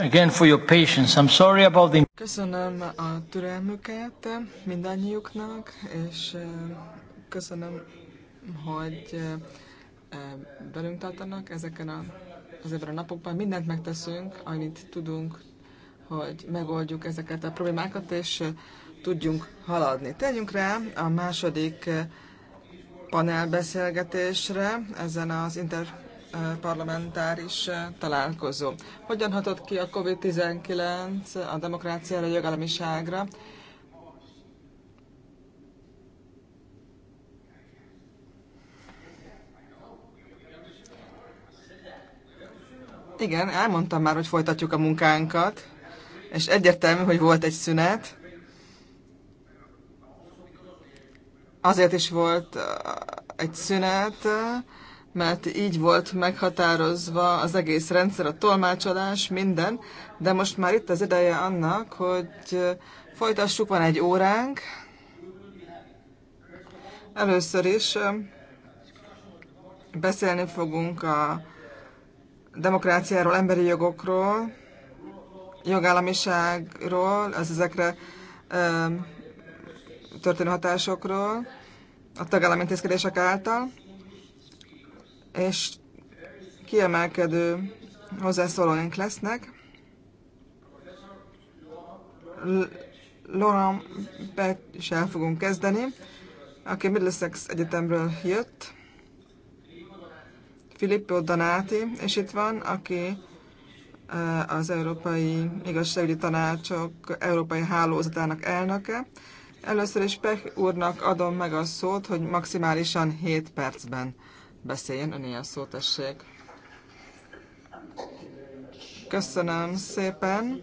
Again for your patience. I'm sorry about the... Köszönöm a türelmüket mindannyiuknak, és köszönöm, hogy velünk tartanak ezeken a, ezekben a napokban. Mindent megteszünk, amit tudunk, hogy megoldjuk ezeket a problémákat, és tudjunk haladni. Tegyünk rá a második panelbeszélgetésre ezen az inter parlamentáris találkozó. Hogyan hatott ki a COVID-19 a demokráciára, a jogállamiságra? Igen, elmondtam már, hogy folytatjuk a munkánkat, és egyértelmű, hogy volt egy szünet. Azért is volt egy szünet, mert így volt meghatározva az egész rendszer, a tolmácsolás, minden, de most már itt az ideje annak, hogy folytassuk, van egy óránk. Először is beszélni fogunk a demokráciáról, emberi jogokról, jogállamiságról, az ezekre történő hatásokról, a tagállami intézkedések által és kiemelkedő hozzászólóink lesznek. Laurent is el fogunk kezdeni, aki Middlesex Egyetemről jött. Filippo Donati, és itt van, aki eh, az Európai Igazságügyi Tanácsok Európai Hálózatának elnöke. Először is Pech úrnak adom meg a szót, hogy maximálisan 7 percben beszéljen. Öné a szó tessék. Köszönöm szépen.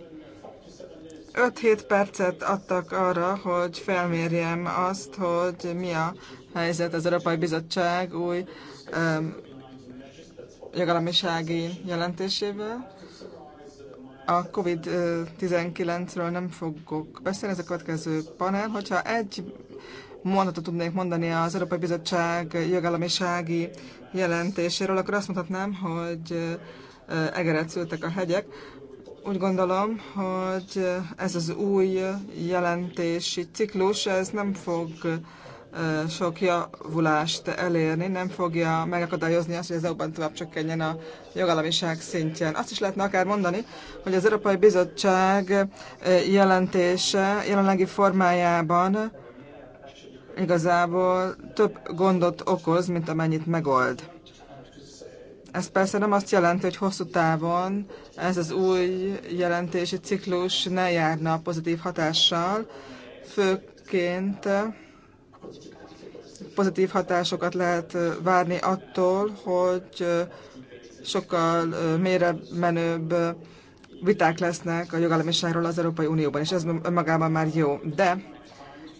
5-7 percet adtak arra, hogy felmérjem azt, hogy mi a helyzet az Európai Bizottság új um, jogalamisági jelentésével. A COVID-19-ről nem fogok beszélni, ez a következő panel. Hogyha egy mondatot tudnék mondani az Európai Bizottság jogállamisági jelentéséről, akkor azt mondhatnám, hogy eh, egeret szültek a hegyek. Úgy gondolom, hogy ez az új jelentési ciklus, ez nem fog eh, sok javulást elérni, nem fogja megakadályozni azt, hogy az EU-ban tovább csökkenjen a jogállamiság szintjén. Azt is lehetne akár mondani, hogy az Európai Bizottság eh, jelentése jelenlegi formájában igazából több gondot okoz, mint amennyit megold. Ez persze nem azt jelenti, hogy hosszú távon ez az új jelentési ciklus ne járna pozitív hatással, főként pozitív hatásokat lehet várni attól, hogy sokkal mélyre menőbb viták lesznek a jogállamiságról az Európai Unióban, és ez önmagában már jó. De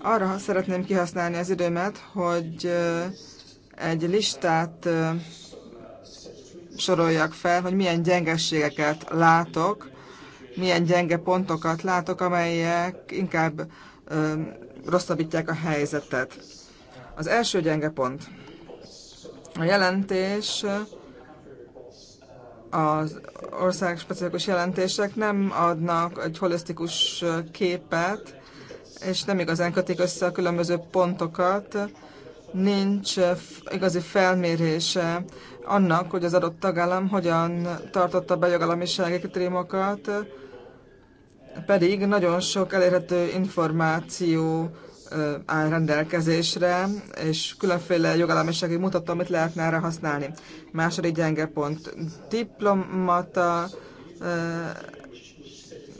arra szeretném kihasználni az időmet, hogy egy listát soroljak fel, hogy milyen gyengességeket látok, milyen gyenge pontokat látok, amelyek inkább rosszabbítják a helyzetet. Az első gyenge pont. A jelentés, az országspecifikus jelentések nem adnak egy holisztikus képet és nem igazán kötik össze a különböző pontokat, nincs eh, igazi felmérése annak, hogy az adott tagállam hogyan tartotta be jogalamisági kritériumokat, pedig nagyon sok elérhető információ eh, áll rendelkezésre, és különféle jogalamisági mutató, amit lehetne erre használni. Második gyenge pont. Diplomata eh,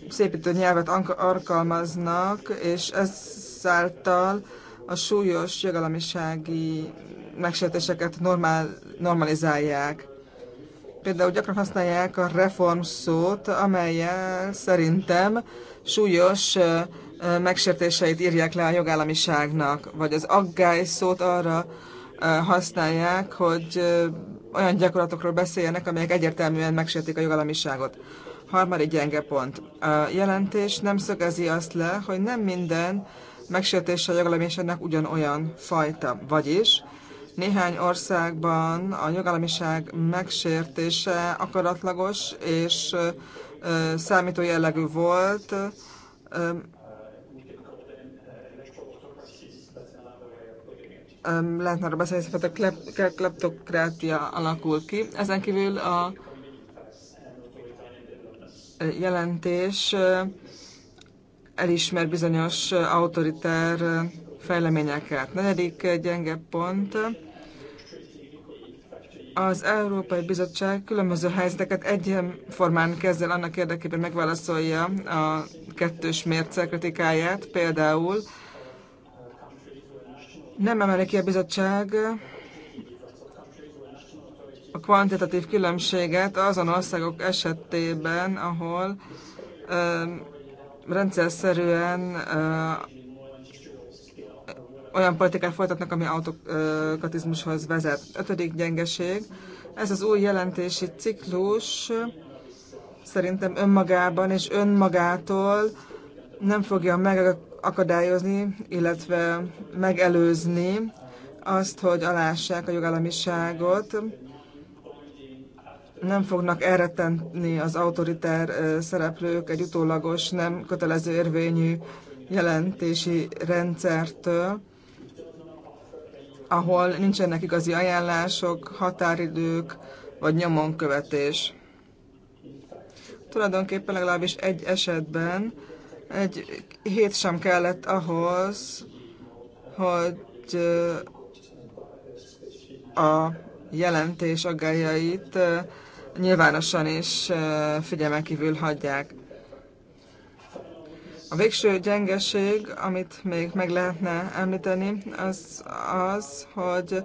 szépítő nyelvet alkalmaznak, és ezáltal a súlyos jogalamisági megsértéseket normál, normalizálják. Például gyakran használják a reform szót, amelyel szerintem súlyos megsértéseit írják le a jogállamiságnak, vagy az aggály szót arra használják, hogy olyan gyakorlatokról beszéljenek, amelyek egyértelműen megsértik a jogállamiságot harmadik gyenge pont. A jelentés nem szögezi azt le, hogy nem minden megsértése a jogállamiságnak ugyanolyan fajta. Vagyis néhány országban a jogállamiság megsértése akaratlagos és számító jellegű volt, lehetne arra beszélni, hogy a kleptokrátia alakul ki. Ezen kívül a jelentés elismer bizonyos autoritár fejleményeket. Negyedik gyenge pont. Az Európai Bizottság különböző helyzeteket egyformán kezd el annak érdekében megválaszolja a kettős mérce kritikáját. Például nem emeli ki a bizottság a kvantitatív különbséget azon országok esetében, ahol ö, rendszerszerűen ö, olyan politikát folytatnak, ami autokatizmushoz vezet. Ötödik gyengeség. Ez az új jelentési ciklus szerintem önmagában és önmagától nem fogja megakadályozni, illetve megelőzni azt, hogy alássák a jogállamiságot nem fognak elrettenni az autoritár szereplők egy utólagos, nem kötelező érvényű jelentési rendszertől, ahol nincsenek igazi ajánlások, határidők vagy nyomonkövetés. Tulajdonképpen legalábbis egy esetben egy hét sem kellett ahhoz, hogy a jelentés aggájait nyilvánosan is figyelmen kívül hagyják. A végső gyengeség, amit még meg lehetne említeni, az az, hogy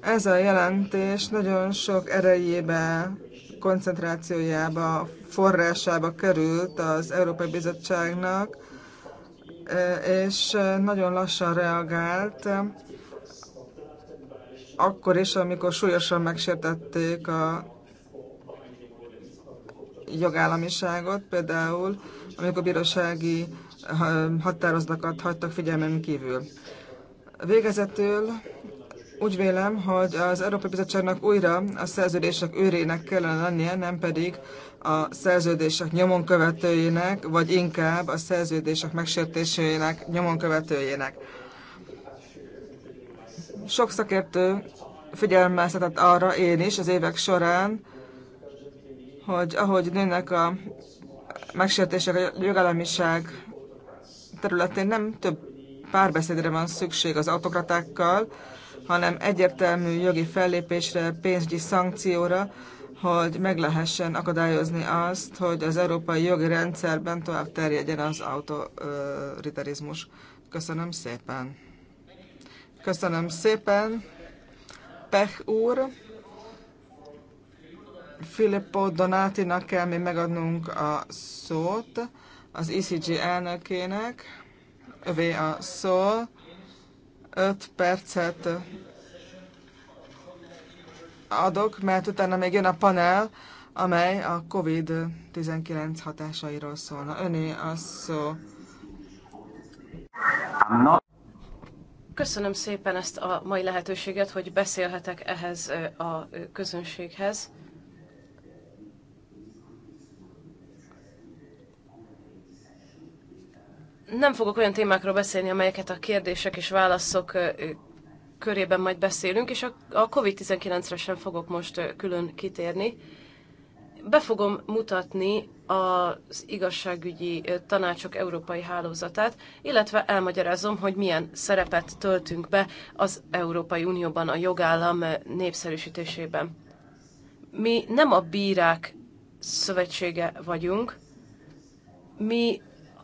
ez a jelentés nagyon sok erejébe, koncentrációjába, forrásába került az Európai Bizottságnak, és nagyon lassan reagált, akkor is, amikor súlyosan megsértették a jogállamiságot, például amikor bírósági határozatokat hagytak figyelmen kívül. Végezetül úgy vélem, hogy az Európai Bizottságnak újra a szerződések őrének kellene lennie, nem pedig a szerződések nyomon követőjének, vagy inkább a szerződések megsértésének nyomon követőjének. Sok szakértő figyelmeztetett arra én is az évek során, hogy ahogy nőnek a megsértések a jogállamiság területén, nem több párbeszédre van szükség az autokratákkal, hanem egyértelmű jogi fellépésre, pénzügyi szankcióra, hogy meg lehessen akadályozni azt, hogy az európai jogi rendszerben tovább terjedjen az autoritarizmus. Köszönöm szépen. Köszönöm szépen. Pech úr. Filippo Donátinak kell még megadnunk a szót, az ECG elnökének. Övé a szó. 5 percet adok, mert utána még jön a panel, amely a COVID-19 hatásairól szólna. Öné a szó. Köszönöm szépen ezt a mai lehetőséget, hogy beszélhetek ehhez a közönséghez. nem fogok olyan témákról beszélni, amelyeket a kérdések és válaszok körében majd beszélünk, és a COVID-19-re sem fogok most külön kitérni. Be fogom mutatni az igazságügyi tanácsok európai hálózatát, illetve elmagyarázom, hogy milyen szerepet töltünk be az Európai Unióban a jogállam népszerűsítésében. Mi nem a bírák szövetsége vagyunk, mi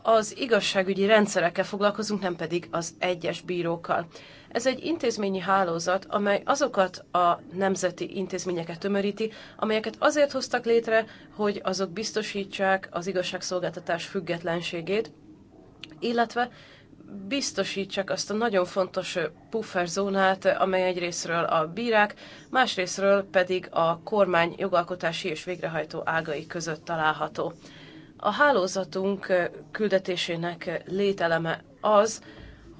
az igazságügyi rendszerekkel foglalkozunk, nem pedig az egyes bírókkal. Ez egy intézményi hálózat, amely azokat a nemzeti intézményeket tömöríti, amelyeket azért hoztak létre, hogy azok biztosítsák az igazságszolgáltatás függetlenségét, illetve biztosítsák azt a nagyon fontos pufferzónát, amely egyrésztről a bírák, másrésztről pedig a kormány jogalkotási és végrehajtó ágai között található. A hálózatunk küldetésének lételeme az,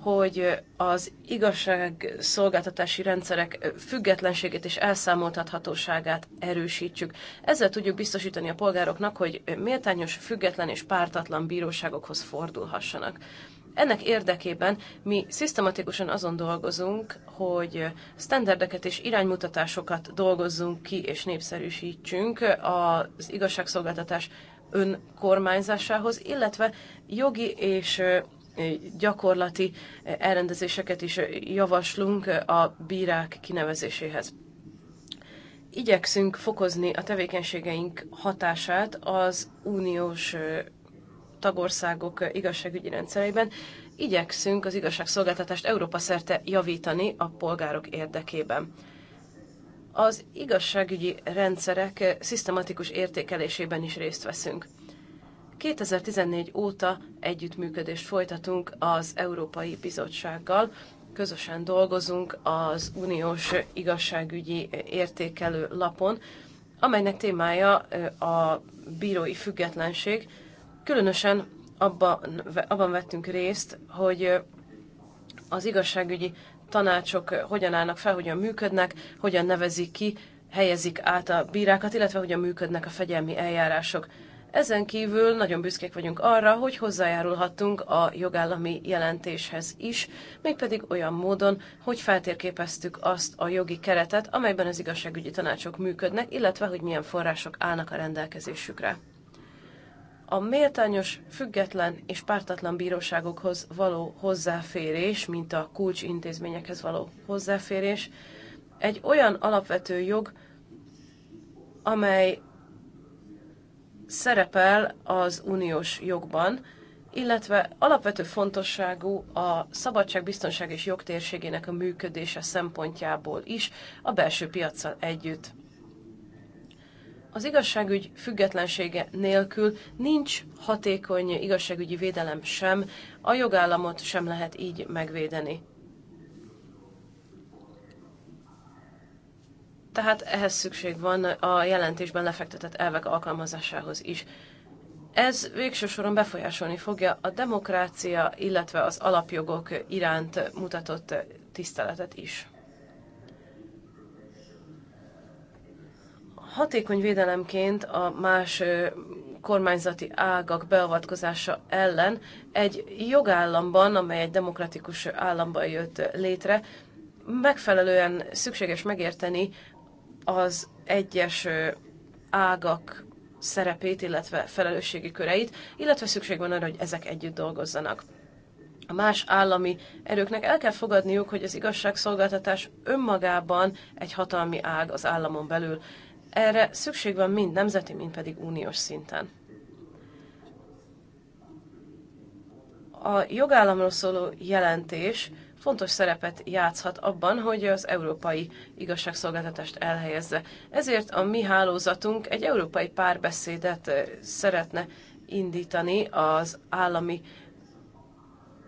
hogy az igazságszolgáltatási rendszerek függetlenségét és elszámoltathatóságát erősítsük. Ezzel tudjuk biztosítani a polgároknak, hogy méltányos, független és pártatlan bíróságokhoz fordulhassanak. Ennek érdekében mi szisztematikusan azon dolgozunk, hogy sztenderdeket és iránymutatásokat dolgozzunk ki és népszerűsítsünk az igazságszolgáltatás önkormányzásához, illetve jogi és gyakorlati elrendezéseket is javaslunk a bírák kinevezéséhez. Igyekszünk fokozni a tevékenységeink hatását az uniós tagországok igazságügyi rendszereiben, igyekszünk az igazságszolgáltatást Európa szerte javítani a polgárok érdekében az igazságügyi rendszerek szisztematikus értékelésében is részt veszünk. 2014 óta együttműködést folytatunk az Európai Bizottsággal, közösen dolgozunk az uniós igazságügyi értékelő lapon, amelynek témája a bírói függetlenség. Különösen abban, abban vettünk részt, hogy az igazságügyi tanácsok eh, hogyan állnak fel, hogyan működnek, hogyan nevezik ki, helyezik át a bírákat, illetve hogyan működnek a fegyelmi eljárások. Ezen kívül nagyon büszkék vagyunk arra, hogy hozzájárulhattunk a jogállami jelentéshez is, mégpedig olyan módon, hogy feltérképeztük azt a jogi keretet, amelyben az igazságügyi tanácsok működnek, illetve hogy milyen források állnak a rendelkezésükre a méltányos, független és pártatlan bíróságokhoz való hozzáférés, mint a kulcsintézményekhez való hozzáférés, egy olyan alapvető jog, amely szerepel az uniós jogban, illetve alapvető fontosságú a szabadság, biztonság és jogtérségének a működése szempontjából is a belső piaccal együtt. Az igazságügy függetlensége nélkül nincs hatékony igazságügyi védelem sem, a jogállamot sem lehet így megvédeni. Tehát ehhez szükség van a jelentésben lefektetett elvek alkalmazásához is. Ez végső soron befolyásolni fogja a demokrácia, illetve az alapjogok iránt mutatott tiszteletet is. hatékony védelemként a más kormányzati ágak beavatkozása ellen egy jogállamban, amely egy demokratikus államban jött létre, megfelelően szükséges megérteni az egyes ágak szerepét, illetve felelősségi köreit, illetve szükség van arra, hogy ezek együtt dolgozzanak. A más állami erőknek el kell fogadniuk, hogy az igazságszolgáltatás önmagában egy hatalmi ág az államon belül, erre szükség van mind nemzeti, mind pedig uniós szinten. A jogállamról szóló jelentés fontos szerepet játszhat abban, hogy az európai igazságszolgáltatást elhelyezze. Ezért a mi hálózatunk egy európai párbeszédet szeretne indítani az állami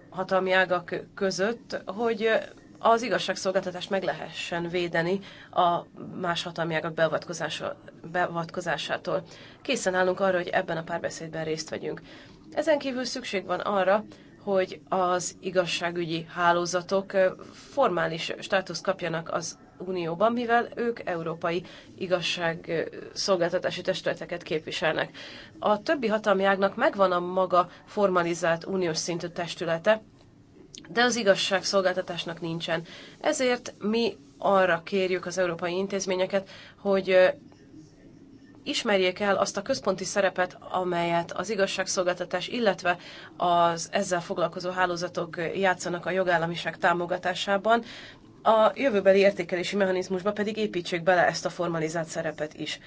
hatalmi ágak között, hogy az igazságszolgáltatást meg lehessen védeni a más hatalmi ágak beavatkozásától. Készen állunk arra, hogy ebben a párbeszédben részt vegyünk. Ezen kívül szükség van arra, hogy az igazságügyi hálózatok formális státuszt kapjanak az Unióban, mivel ők európai igazságszolgáltatási testületeket képviselnek. A többi hatalmi ágnak megvan a maga formalizált uniós szintű testülete, de az igazságszolgáltatásnak nincsen. Ezért mi arra kérjük az európai intézményeket, hogy ismerjék el azt a központi szerepet, amelyet az igazságszolgáltatás, illetve az ezzel foglalkozó hálózatok játszanak a jogállamiság támogatásában, a jövőbeli értékelési mechanizmusba pedig építsék bele ezt a formalizált szerepet is.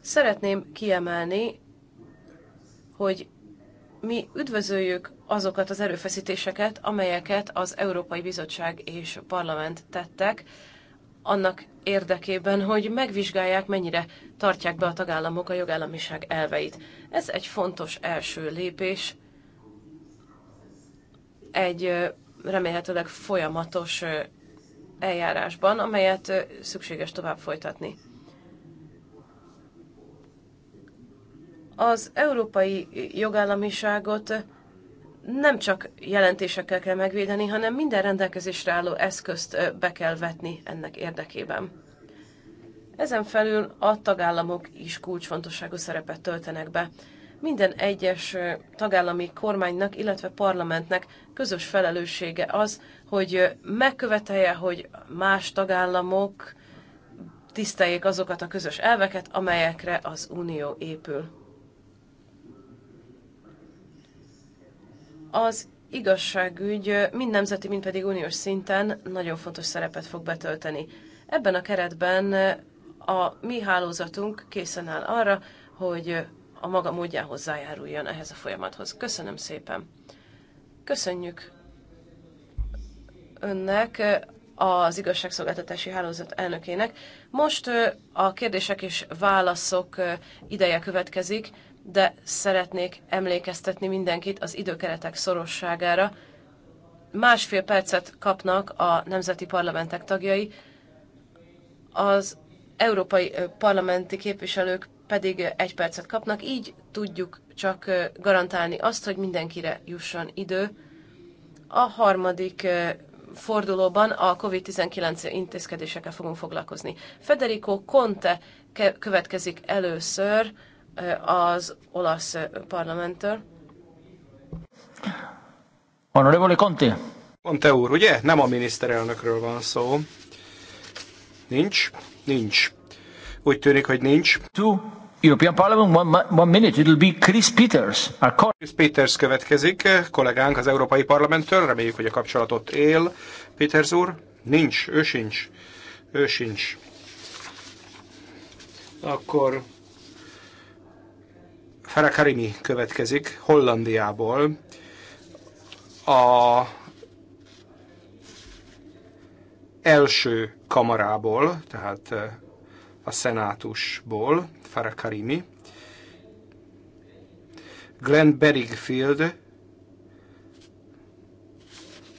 Szeretném kiemelni, hogy mi üdvözöljük azokat az erőfeszítéseket, amelyeket az Európai Bizottság és Parlament tettek, annak érdekében, hogy megvizsgálják, mennyire tartják be a tagállamok a jogállamiság elveit. Ez egy fontos első lépés egy remélhetőleg folyamatos eljárásban, amelyet szükséges tovább folytatni. az európai jogállamiságot nem csak jelentésekkel kell megvédeni, hanem minden rendelkezésre álló eszközt be kell vetni ennek érdekében. Ezen felül a tagállamok is kulcsfontosságú szerepet töltenek be. Minden egyes tagállami kormánynak, illetve parlamentnek közös felelőssége az, hogy megkövetelje, hogy más tagállamok tiszteljék azokat a közös elveket, amelyekre az Unió épül. az igazságügy mind nemzeti, mind pedig uniós szinten nagyon fontos szerepet fog betölteni. Ebben a keretben a mi hálózatunk készen áll arra, hogy a maga módján hozzájáruljon ehhez a folyamathoz. Köszönöm szépen! Köszönjük önnek, az igazságszolgáltatási hálózat elnökének. Most a kérdések és válaszok ideje következik de szeretnék emlékeztetni mindenkit az időkeretek szorosságára. Másfél percet kapnak a nemzeti parlamentek tagjai, az európai parlamenti képviselők pedig egy percet kapnak, így tudjuk csak garantálni azt, hogy mindenkire jusson idő. A harmadik fordulóban a COVID-19 intézkedésekkel fogunk foglalkozni. Federico Conte következik először, az olasz parlamenttől. Honorable Conte. Conte úr, ugye? Nem a miniszterelnökről van szó. Nincs? Nincs. Úgy tűnik, hogy nincs. Two European Parliament, one, one minute, it'll be Chris Peters. Our Chris Peters következik, eh, kollégánk az Európai Parlamenttől, reméljük, hogy a kapcsolatot él. Peters úr, nincs, ő sincs. Ő sincs. Akkor Farah Karimi következik Hollandiából. A első kamarából, tehát eh, a szenátusból, Farah Karimi. Glenn Beringfield,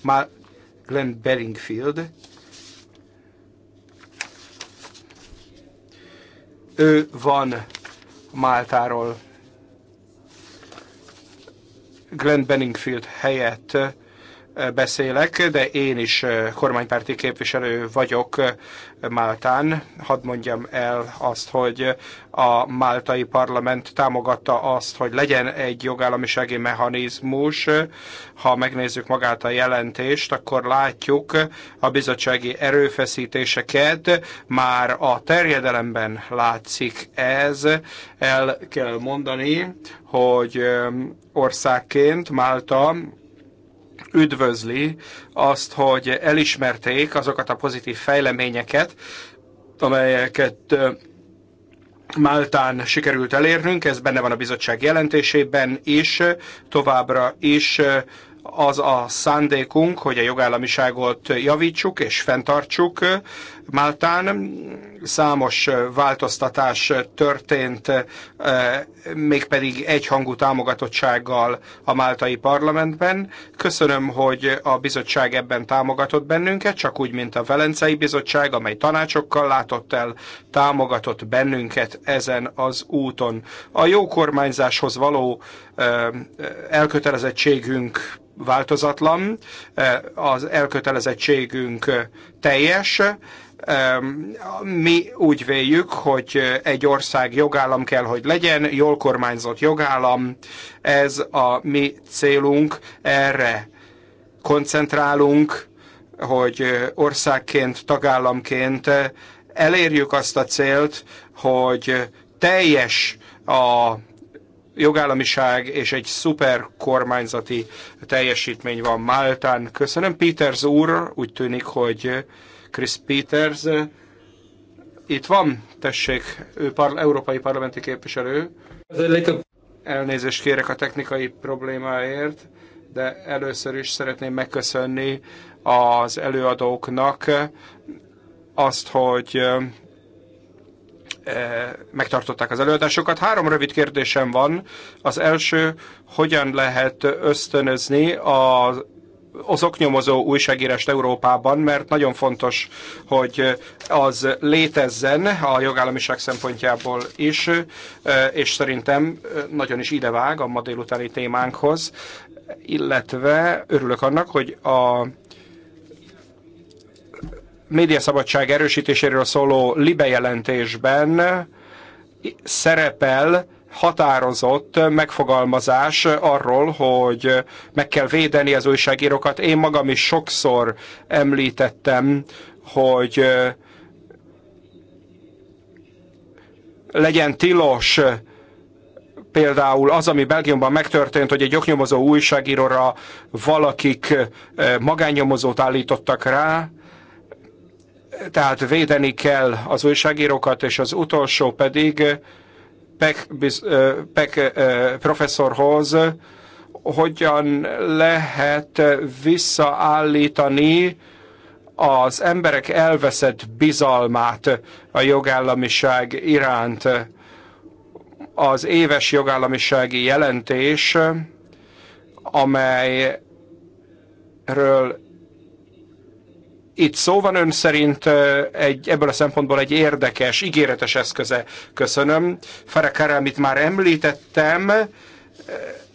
már Glenn Beringfield, ő van Máltáról Glenn Benningfield helyett eh, beszélek, de én is eh, kormánypárti képviselő vagyok eh, Máltán. Hadd mondjam el azt, hogy a máltai parlament támogatta azt, hogy legyen egy jogállamisági mechanizmus. Ha megnézzük magát a jelentést, akkor látjuk a bizottsági erőfeszítéseket. Már a terjedelemben látszik ez. El kell mondani, hogy um, országként Málta üdvözli azt, hogy elismerték azokat a pozitív fejleményeket, amelyeket Máltán sikerült elérnünk, ez benne van a bizottság jelentésében is, továbbra is az a szándékunk, hogy a jogállamiságot javítsuk és fenntartsuk. Máltán számos változtatás történt, eh, mégpedig egyhangú támogatottsággal a máltai parlamentben. Köszönöm, hogy a bizottság ebben támogatott bennünket, csak úgy, mint a Velencei Bizottság, amely tanácsokkal látott el, támogatott bennünket ezen az úton. A jó kormányzáshoz való elkötelezettségünk változatlan, az elkötelezettségünk teljes, mi úgy véljük, hogy egy ország jogállam kell, hogy legyen, jól kormányzott jogállam, ez a mi célunk, erre koncentrálunk, hogy országként, tagállamként elérjük azt a célt, hogy teljes a jogállamiság és egy szuper kormányzati teljesítmény van Máltán. Köszönöm Peters úr, úgy tűnik, hogy Chris Peters eh, itt van, tessék, ő par- európai parlamenti képviselő. Elnézést kérek a technikai problémáért, de először is szeretném megköszönni az előadóknak azt, hogy eh, Eh, megtartották az előadásokat. Három rövid kérdésem van. Az első, hogyan lehet ösztönözni az az oknyomozó újságírást Európában, mert nagyon fontos, hogy az létezzen a jogállamiság szempontjából is, eh, és szerintem eh, nagyon is idevág a ma délutáni témánkhoz, illetve örülök annak, hogy a médiaszabadság erősítéséről szóló Libe jelentésben szerepel határozott megfogalmazás arról, hogy meg kell védeni az újságírókat. Én magam is sokszor említettem, hogy legyen tilos például az, ami Belgiumban megtörtént, hogy egy oknyomozó újságíróra valakik magánnyomozót állítottak rá, tehát védeni kell az újságírókat, és az utolsó pedig Peck, Peck professzorhoz, hogyan lehet visszaállítani az emberek elveszett bizalmát a jogállamiság iránt. Az éves jogállamisági jelentés, amelyről itt szó van ön szerint egy, ebből a szempontból egy érdekes, ígéretes eszköze. Köszönöm. Farakar, amit már említettem,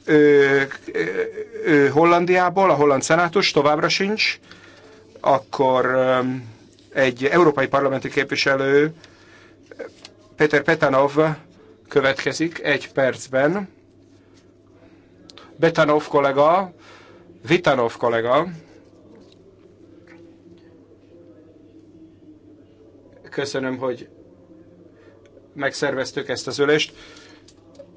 ő, ő, ő Hollandiából, a holland szenátus továbbra sincs, akkor egy európai parlamenti képviselő, Peter Petanov következik egy percben. Betanov kollega, Vitanov kollega, Köszönöm, hogy megszerveztük ezt az ülést.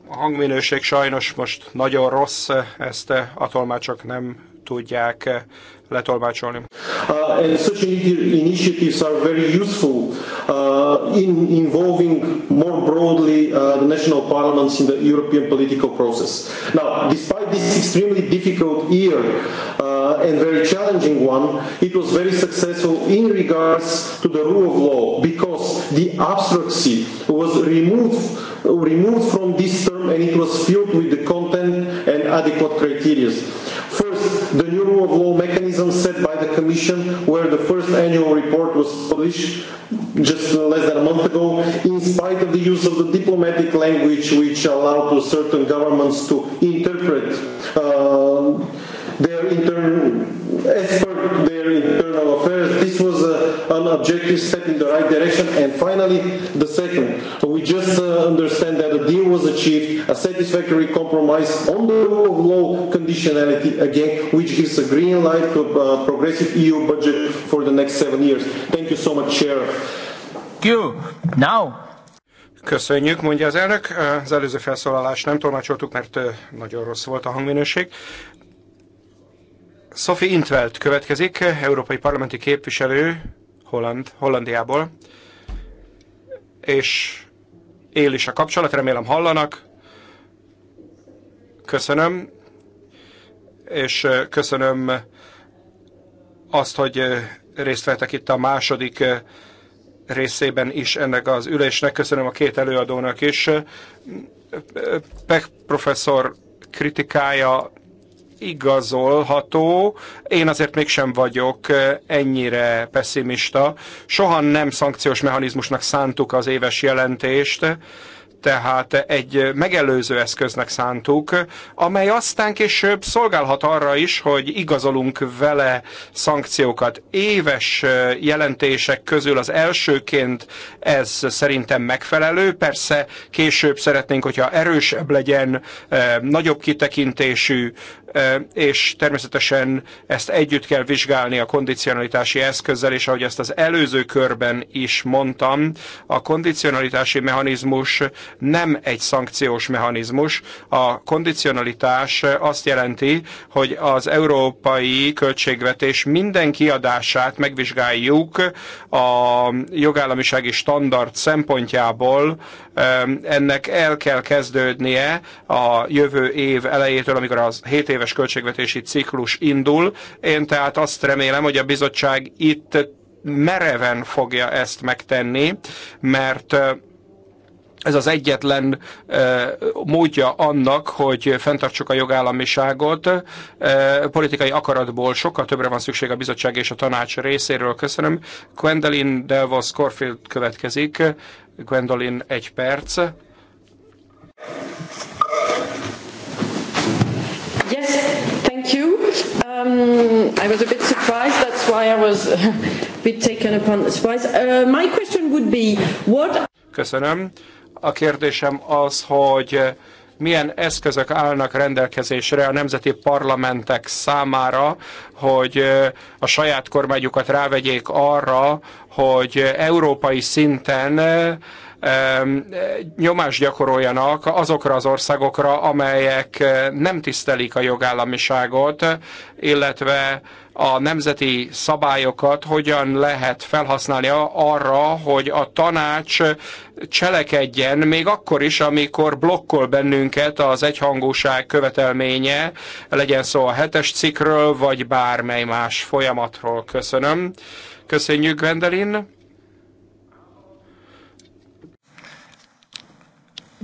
A hangminőség sajnos most nagyon rossz, ezt a tolmácsok nem tudják letolmácsolni. Uh, and such initiatives are very useful uh, in involving more broadly uh, the national parliaments in the European political process. Now, despite this extremely difficult year, uh, uh, and very challenging one, it was very successful in regards to the rule of law because the abstraction was removed removed from this term and it was filled with the content and adequate criteria. First, the new rule of law mechanism set by the Commission, where the first annual report was published just less than a month ago, in spite of the use of the diplomatic language which allowed to certain governments to interpret uh, their internal effort, their internal affairs. This was uh, an objective step in the right direction. And finally, the second, we just uh, understand that a deal was achieved, a satisfactory compromise on the rule of law conditionality again, which gives a green light to a uh, progressive EU budget for the next seven years. Thank you so much, Chair. Thank you. Now. Köszönjük, mondja az elnök. Az előző felszólalást nem tolmácsoltuk, mert uh, nagyon rossz volt a hangminőség. Sophie Intveld következik, európai parlamenti képviselő Holland, Hollandiából, és él is a kapcsolat, remélem hallanak. Köszönöm, és köszönöm azt, hogy részt vettek itt a második részében is ennek az ülésnek. Köszönöm a két előadónak is. Peck professzor kritikája igazolható. Én azért mégsem vagyok eh, ennyire pessimista. Soha nem szankciós mechanizmusnak szántuk az éves jelentést, tehát egy megelőző eszköznek szántuk, amely aztán később szolgálhat arra is, hogy igazolunk vele szankciókat. Éves eh, jelentések közül az elsőként ez szerintem megfelelő, persze később szeretnénk, hogyha erősebb legyen, eh, nagyobb kitekintésű, és természetesen ezt együtt kell vizsgálni a kondicionalitási eszközzel, és ahogy ezt az előző körben is mondtam, a kondicionalitási mechanizmus nem egy szankciós mechanizmus. A kondicionalitás azt jelenti, hogy az európai költségvetés minden kiadását megvizsgáljuk a jogállamisági standard szempontjából, ennek el kell kezdődnie a jövő év elejétől, amikor az 7 év éves költségvetési ciklus indul. Én tehát azt remélem, hogy a bizottság itt mereven fogja ezt megtenni, mert ez az egyetlen módja annak, hogy fenntartsuk a jogállamiságot. Politikai akaratból sokkal többre van szükség a bizottság és a tanács részéről. Köszönöm. Gwendolyn Delvos Corfield következik. Gwendolyn, egy perc. you. Um, I was a bit surprised. That's why I was a bit taken upon the surprise. Uh, my question would be, what... Köszönöm. A kérdésem az, hogy uh, milyen eszközök állnak rendelkezésre a nemzeti parlamentek számára, hogy uh, a saját kormányukat rávegyék arra, hogy uh, európai szinten nyomást gyakoroljanak azokra az országokra, amelyek eh, nem tisztelik a jogállamiságot, illetve a nemzeti szabályokat hogyan lehet felhasználni arra, hogy a tanács cselekedjen, még akkor is, amikor blokkol bennünket az egyhangúság követelménye, legyen szó a hetes cikről vagy bármely más folyamatról. Köszönöm. Köszönjük, Vendelin.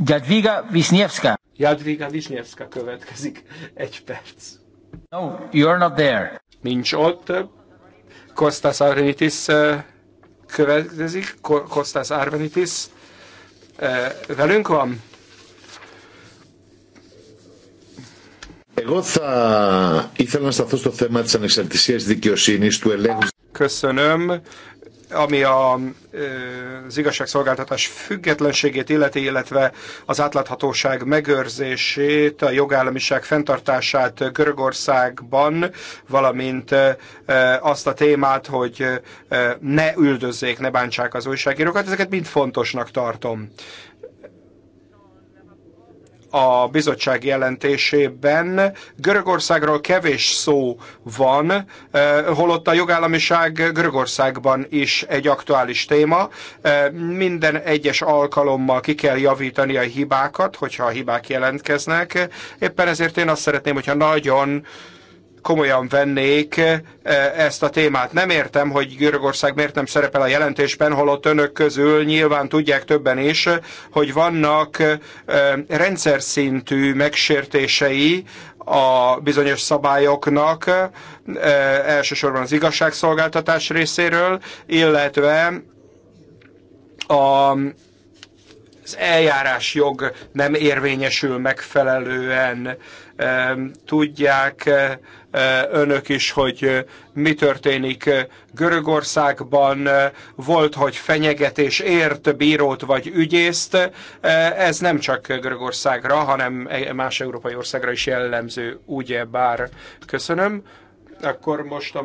Jadwiga Wisniewska. Jadwiga Wisniewska következik. Egy perc. No, you're not there. Nincs ott. Kostas Arvenitis eh, következik. Kostas Arvenitis eh, velünk van. Εγώ θα ήθελα να σταθώ στο θέμα της ανεξαρτησίας δικαιοσύνης του ελέγχου. Köszönöm ami a, az igazságszolgáltatás függetlenségét illeti, illetve az átláthatóság megőrzését, a jogállamiság fenntartását Görögországban, valamint azt a témát, hogy ne üldözzék, ne bántsák az újságírókat, ezeket mind fontosnak tartom a bizottság jelentésében Görögországról kevés szó van, eh, holott a jogállamiság Görögországban is egy aktuális téma. Eh, minden egyes alkalommal ki kell javítani a hibákat, hogyha a hibák jelentkeznek. Éppen ezért én azt szeretném, hogyha nagyon komolyan vennék e, ezt a témát. Nem értem, hogy Görögország miért nem szerepel a jelentésben, holott önök közül nyilván tudják többen is, hogy vannak e, rendszer szintű megsértései a bizonyos szabályoknak, e, elsősorban az igazságszolgáltatás részéről, illetve a, az jog nem érvényesül megfelelően. Tudják eh, eh, önök is, hogy eh, mi történik Görögországban. Volt, hogy fenyegetés ért bírót vagy ügyészt. Ez nem csak Görögországra, hanem e-, más európai országra is jellemző, ugye bár. Köszönöm. Akkor most a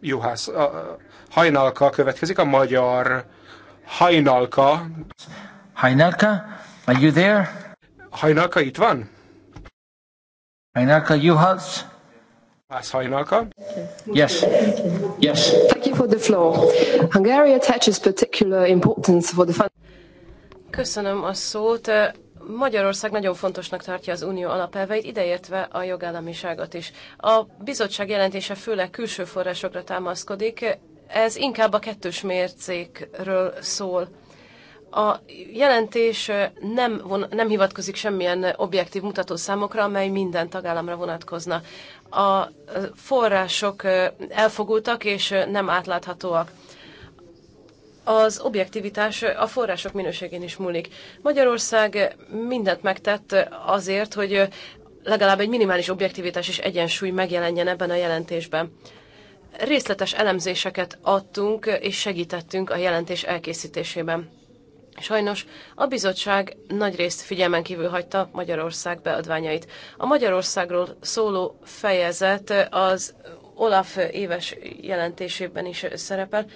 juhász, a hajnalka következik, a magyar hajnalka. Hajnalka, are you there? Hajnalka itt van? Hajnalka, you have? Yes. Yes. Thank you for the floor. Hungary attaches particular importance for the fund. Köszönöm a szót. Magyarország nagyon fontosnak tartja az unió alapelveit, ideértve a jogállamiságot is. A bizottság jelentése főleg külső forrásokra támaszkodik, ez inkább a kettős mércékről szól. A jelentés nem, von, nem hivatkozik semmilyen objektív mutatószámokra, amely minden tagállamra vonatkozna. A források elfogultak és nem átláthatóak. Az objektivitás a források minőségén is múlik. Magyarország mindent megtett azért, hogy legalább egy minimális objektivitás és egyensúly megjelenjen ebben a jelentésben. Részletes elemzéseket adtunk és segítettünk a jelentés elkészítésében. Sajnos a bizottság nagyrészt figyelmen kívül hagyta Magyarország beadványait. A Magyarországról szóló fejezet az Olaf éves jelentésében is szerepel.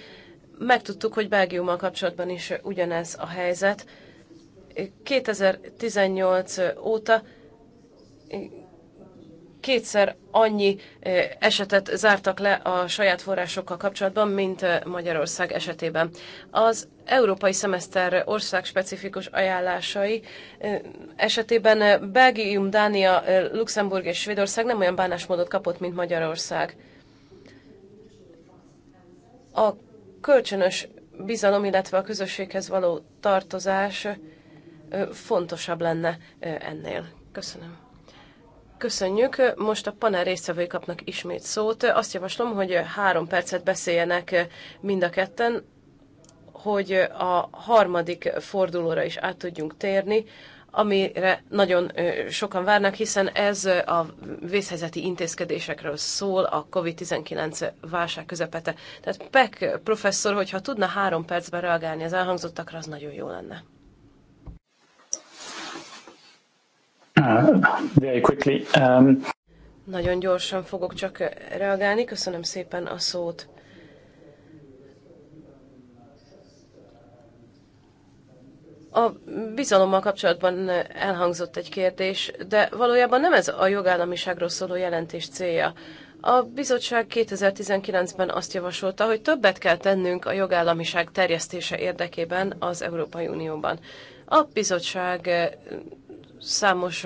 Megtudtuk, hogy Belgiummal kapcsolatban is ugyanez a helyzet. 2018 óta kétszer annyi esetet zártak le a saját forrásokkal kapcsolatban, mint Magyarország esetében. Az európai szemeszter országspecifikus ajánlásai esetében Belgium, Dánia, Luxemburg és Svédország nem olyan bánásmódot kapott, mint Magyarország. A kölcsönös bizalom, illetve a közösséghez való tartozás fontosabb lenne ennél. Köszönöm. Köszönjük. Most a panel résztvevői kapnak ismét szót. Azt javaslom, hogy három percet beszéljenek mind a ketten, hogy a harmadik fordulóra is át tudjunk térni, amire nagyon sokan várnak, hiszen ez a vészhelyzeti intézkedésekről szól a COVID-19 válság közepete. Tehát Peck professzor, hogyha tudna három percben reagálni az elhangzottakra, az nagyon jó lenne. Uh, very quickly. Um... Nagyon gyorsan fogok csak reagálni. Köszönöm szépen a szót. A bizalommal kapcsolatban elhangzott egy kérdés, de valójában nem ez a jogállamiságról szóló jelentés célja. A bizottság 2019-ben azt javasolta, hogy többet kell tennünk a jogállamiság terjesztése érdekében az Európai Unióban. A bizottság számos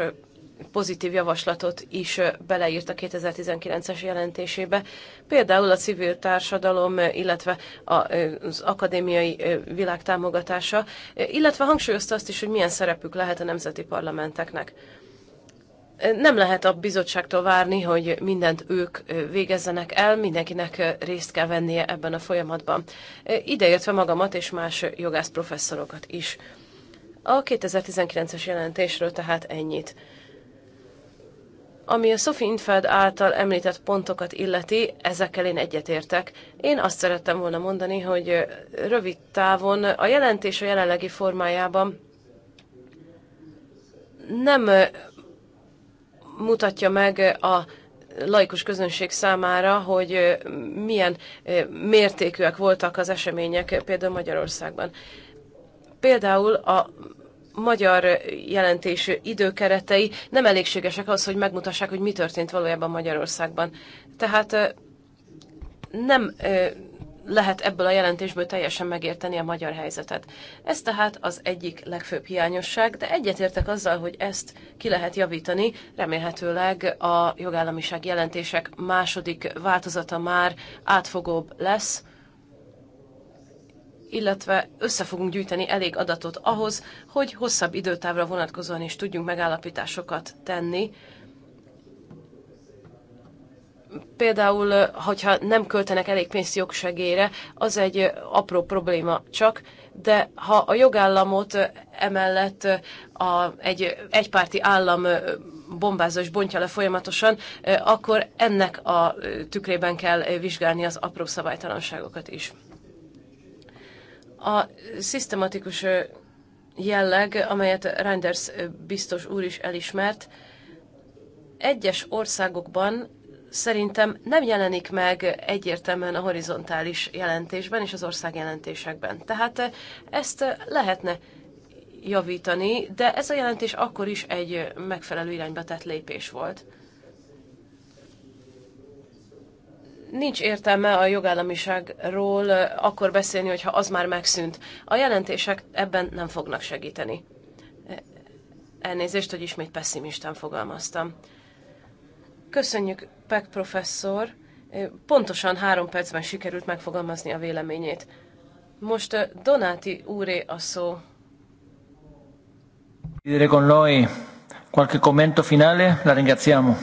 pozitív javaslatot is beleírt a 2019-es jelentésébe. Például a civil társadalom, illetve az akadémiai világ támogatása, illetve hangsúlyozta azt is, hogy milyen szerepük lehet a nemzeti parlamenteknek. Nem lehet a bizottságtól várni, hogy mindent ők végezzenek el, mindenkinek részt kell vennie ebben a folyamatban. Ideértve magamat és más jogász professzorokat is. A 2019-es jelentésről tehát ennyit. Ami a Sophie Infeld által említett pontokat illeti, ezekkel én egyetértek. Én azt szerettem volna mondani, hogy rövid távon a jelentés a jelenlegi formájában nem mutatja meg a laikus közönség számára, hogy milyen mértékűek voltak az események például Magyarországban. Például a magyar jelentés időkeretei nem elégségesek az, hogy megmutassák, hogy mi történt valójában Magyarországban. Tehát nem lehet ebből a jelentésből teljesen megérteni a magyar helyzetet. Ez tehát az egyik legfőbb hiányosság, de egyetértek azzal, hogy ezt ki lehet javítani. Remélhetőleg a jogállamiság jelentések második változata már átfogóbb lesz, illetve össze fogunk gyűjteni elég adatot ahhoz, hogy hosszabb időtávra vonatkozóan is tudjunk megállapításokat tenni. Például, hogyha nem költenek elég pénzt jogsegére, az egy apró probléma csak, de ha a jogállamot emellett a, egy egypárti állam bombázó és bontja le folyamatosan, akkor ennek a tükrében kell vizsgálni az apró szabálytalanságokat is. A szisztematikus jelleg, amelyet Reinders biztos úr is elismert, egyes országokban szerintem nem jelenik meg egyértelműen a horizontális jelentésben és az országjelentésekben. Tehát ezt lehetne javítani, de ez a jelentés akkor is egy megfelelő irányba tett lépés volt. nincs értelme a jogállamiságról akkor beszélni, hogyha az már megszűnt. A jelentések ebben nem fognak segíteni. Elnézést, hogy ismét pessimistán fogalmaztam. Köszönjük, Peck professzor. Pontosan három percben sikerült megfogalmazni a véleményét. Most Donáti úré a szó. Con noi qualche commento finale, la ringraziamo.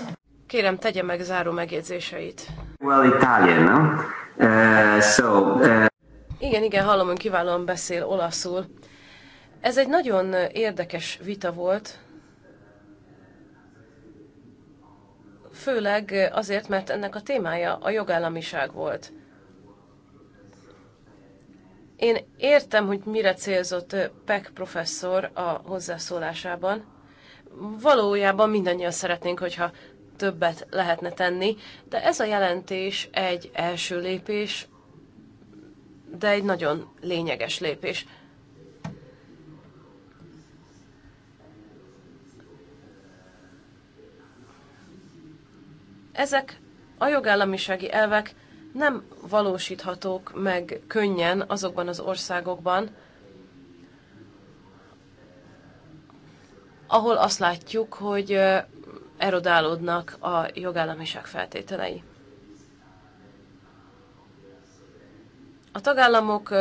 Kérem, tegye meg záró megjegyzéseit. Well, Italian, no? Uh, so, uh... Igen, igen, hallom, hogy kiválóan beszél olaszul. Ez egy nagyon érdekes vita volt, főleg azért, mert ennek a témája a jogállamiság volt. Én értem, hogy mire célzott eh, Peck professzor a hozzászólásában. Valójában mindannyian szeretnénk, hogyha többet lehetne tenni, de ez a jelentés egy első lépés, de egy nagyon lényeges lépés. Ezek a jogállamisági elvek nem valósíthatók meg könnyen azokban az országokban, ahol azt látjuk, hogy erodálódnak a jogállamiság feltételei. A tagállamok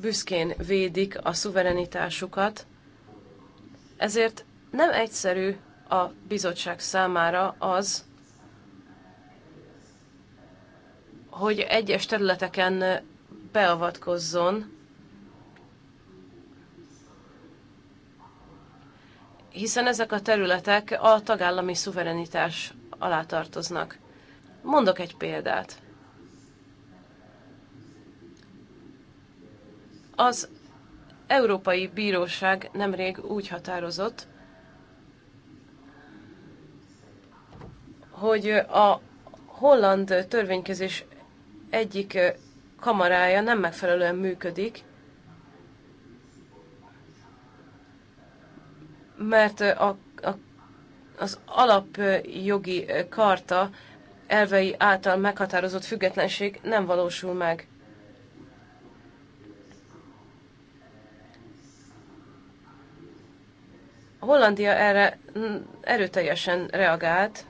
büszkén védik a szuverenitásukat, ezért nem egyszerű a bizottság számára az, hogy egyes területeken beavatkozzon hiszen ezek a területek a tagállami szuverenitás alá tartoznak. Mondok egy példát. Az Európai Bíróság nemrég úgy határozott, hogy a holland törvénykezés egyik kamarája nem megfelelően működik, mert a, a, az alapjogi karta elvei által meghatározott függetlenség nem valósul meg. Hollandia erre erőteljesen reagált,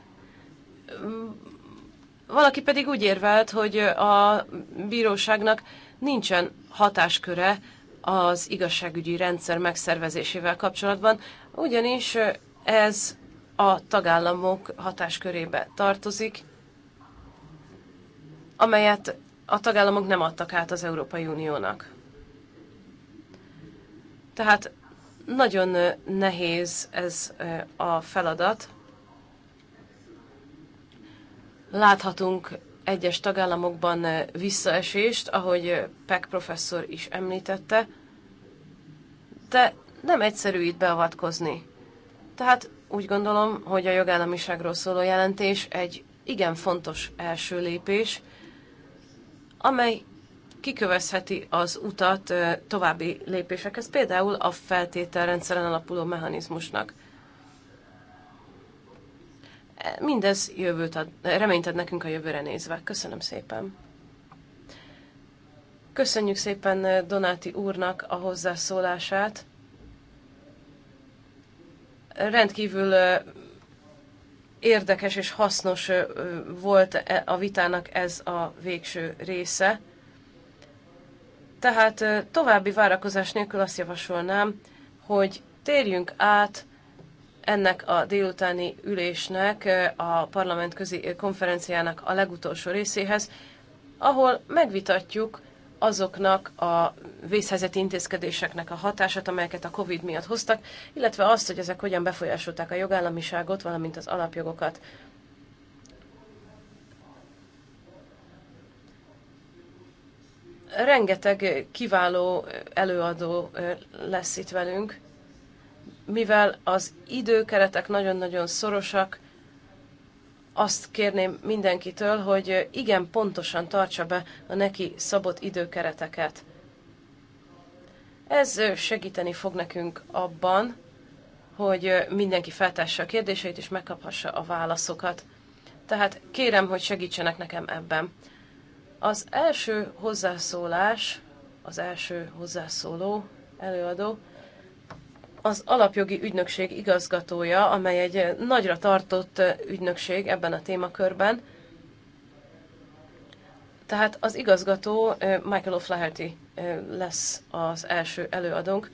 valaki pedig úgy érvelt, hogy a bíróságnak nincsen hatásköre az igazságügyi rendszer megszervezésével kapcsolatban, ugyanis ez a tagállamok hatáskörébe tartozik, amelyet a tagállamok nem adtak át az Európai Uniónak. Tehát nagyon nehéz ez a feladat. Láthatunk egyes tagállamokban visszaesést, ahogy Peck professzor is említette, de nem egyszerű itt beavatkozni. Tehát úgy gondolom, hogy a jogállamiságról szóló jelentés egy igen fontos első lépés, amely kikövezheti az utat további lépésekhez, például a feltételrendszeren alapuló mechanizmusnak. Mindez jövőt ad, reményt ad nekünk a jövőre nézve. Köszönöm szépen. Köszönjük szépen Donáti úrnak a hozzászólását rendkívül érdekes és hasznos volt e, a vitának ez a végső része. Tehát további várakozás nélkül azt javasolnám, hogy térjünk át ennek a délutáni ülésnek, a parlamentközi konferenciának a legutolsó részéhez, ahol megvitatjuk azoknak a vészhelyzeti intézkedéseknek a hatását, amelyeket a COVID miatt hoztak, illetve azt, hogy ezek hogyan befolyásolták a jogállamiságot, valamint az alapjogokat. Rengeteg kiváló előadó lesz itt velünk, mivel az időkeretek nagyon-nagyon szorosak, azt kérném mindenkitől, hogy igen pontosan tartsa be a neki szabott időkereteket. Ez segíteni fog nekünk abban, hogy mindenki feltesse a kérdéseit és megkaphassa a válaszokat. Tehát kérem, hogy segítsenek nekem ebben. Az első hozzászólás, az első hozzászóló, előadó, az alapjogi ügynökség igazgatója, amely egy nagyra tartott ügynökség ebben a témakörben. Tehát az igazgató Michael O'Flaherty lesz az első előadónk.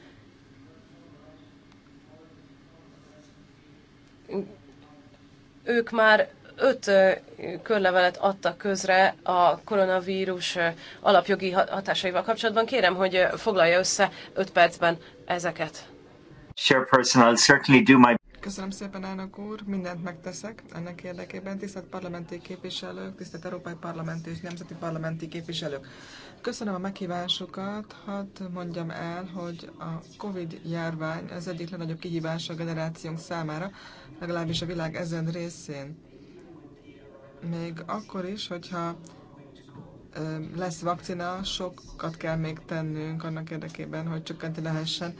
Ők már öt körlevelet adtak közre a koronavírus alapjogi hatásaival kapcsolatban. Kérem, hogy foglalja össze öt percben ezeket. Chairperson, I'll certainly do my... Köszönöm szépen, elnök úr, mindent megteszek ennek érdekében, tisztelt parlamenti képviselők, tisztelt európai parlamenti és nemzeti parlamenti képviselők. Köszönöm a meghívásokat, hadd mondjam el, hogy a Covid járvány az egyik legnagyobb kihívás a generációnk számára, legalábbis a világ ezen részén. Még akkor is, hogyha lesz vakcina, sokat kell még tennünk annak érdekében, hogy csökkenti lehessen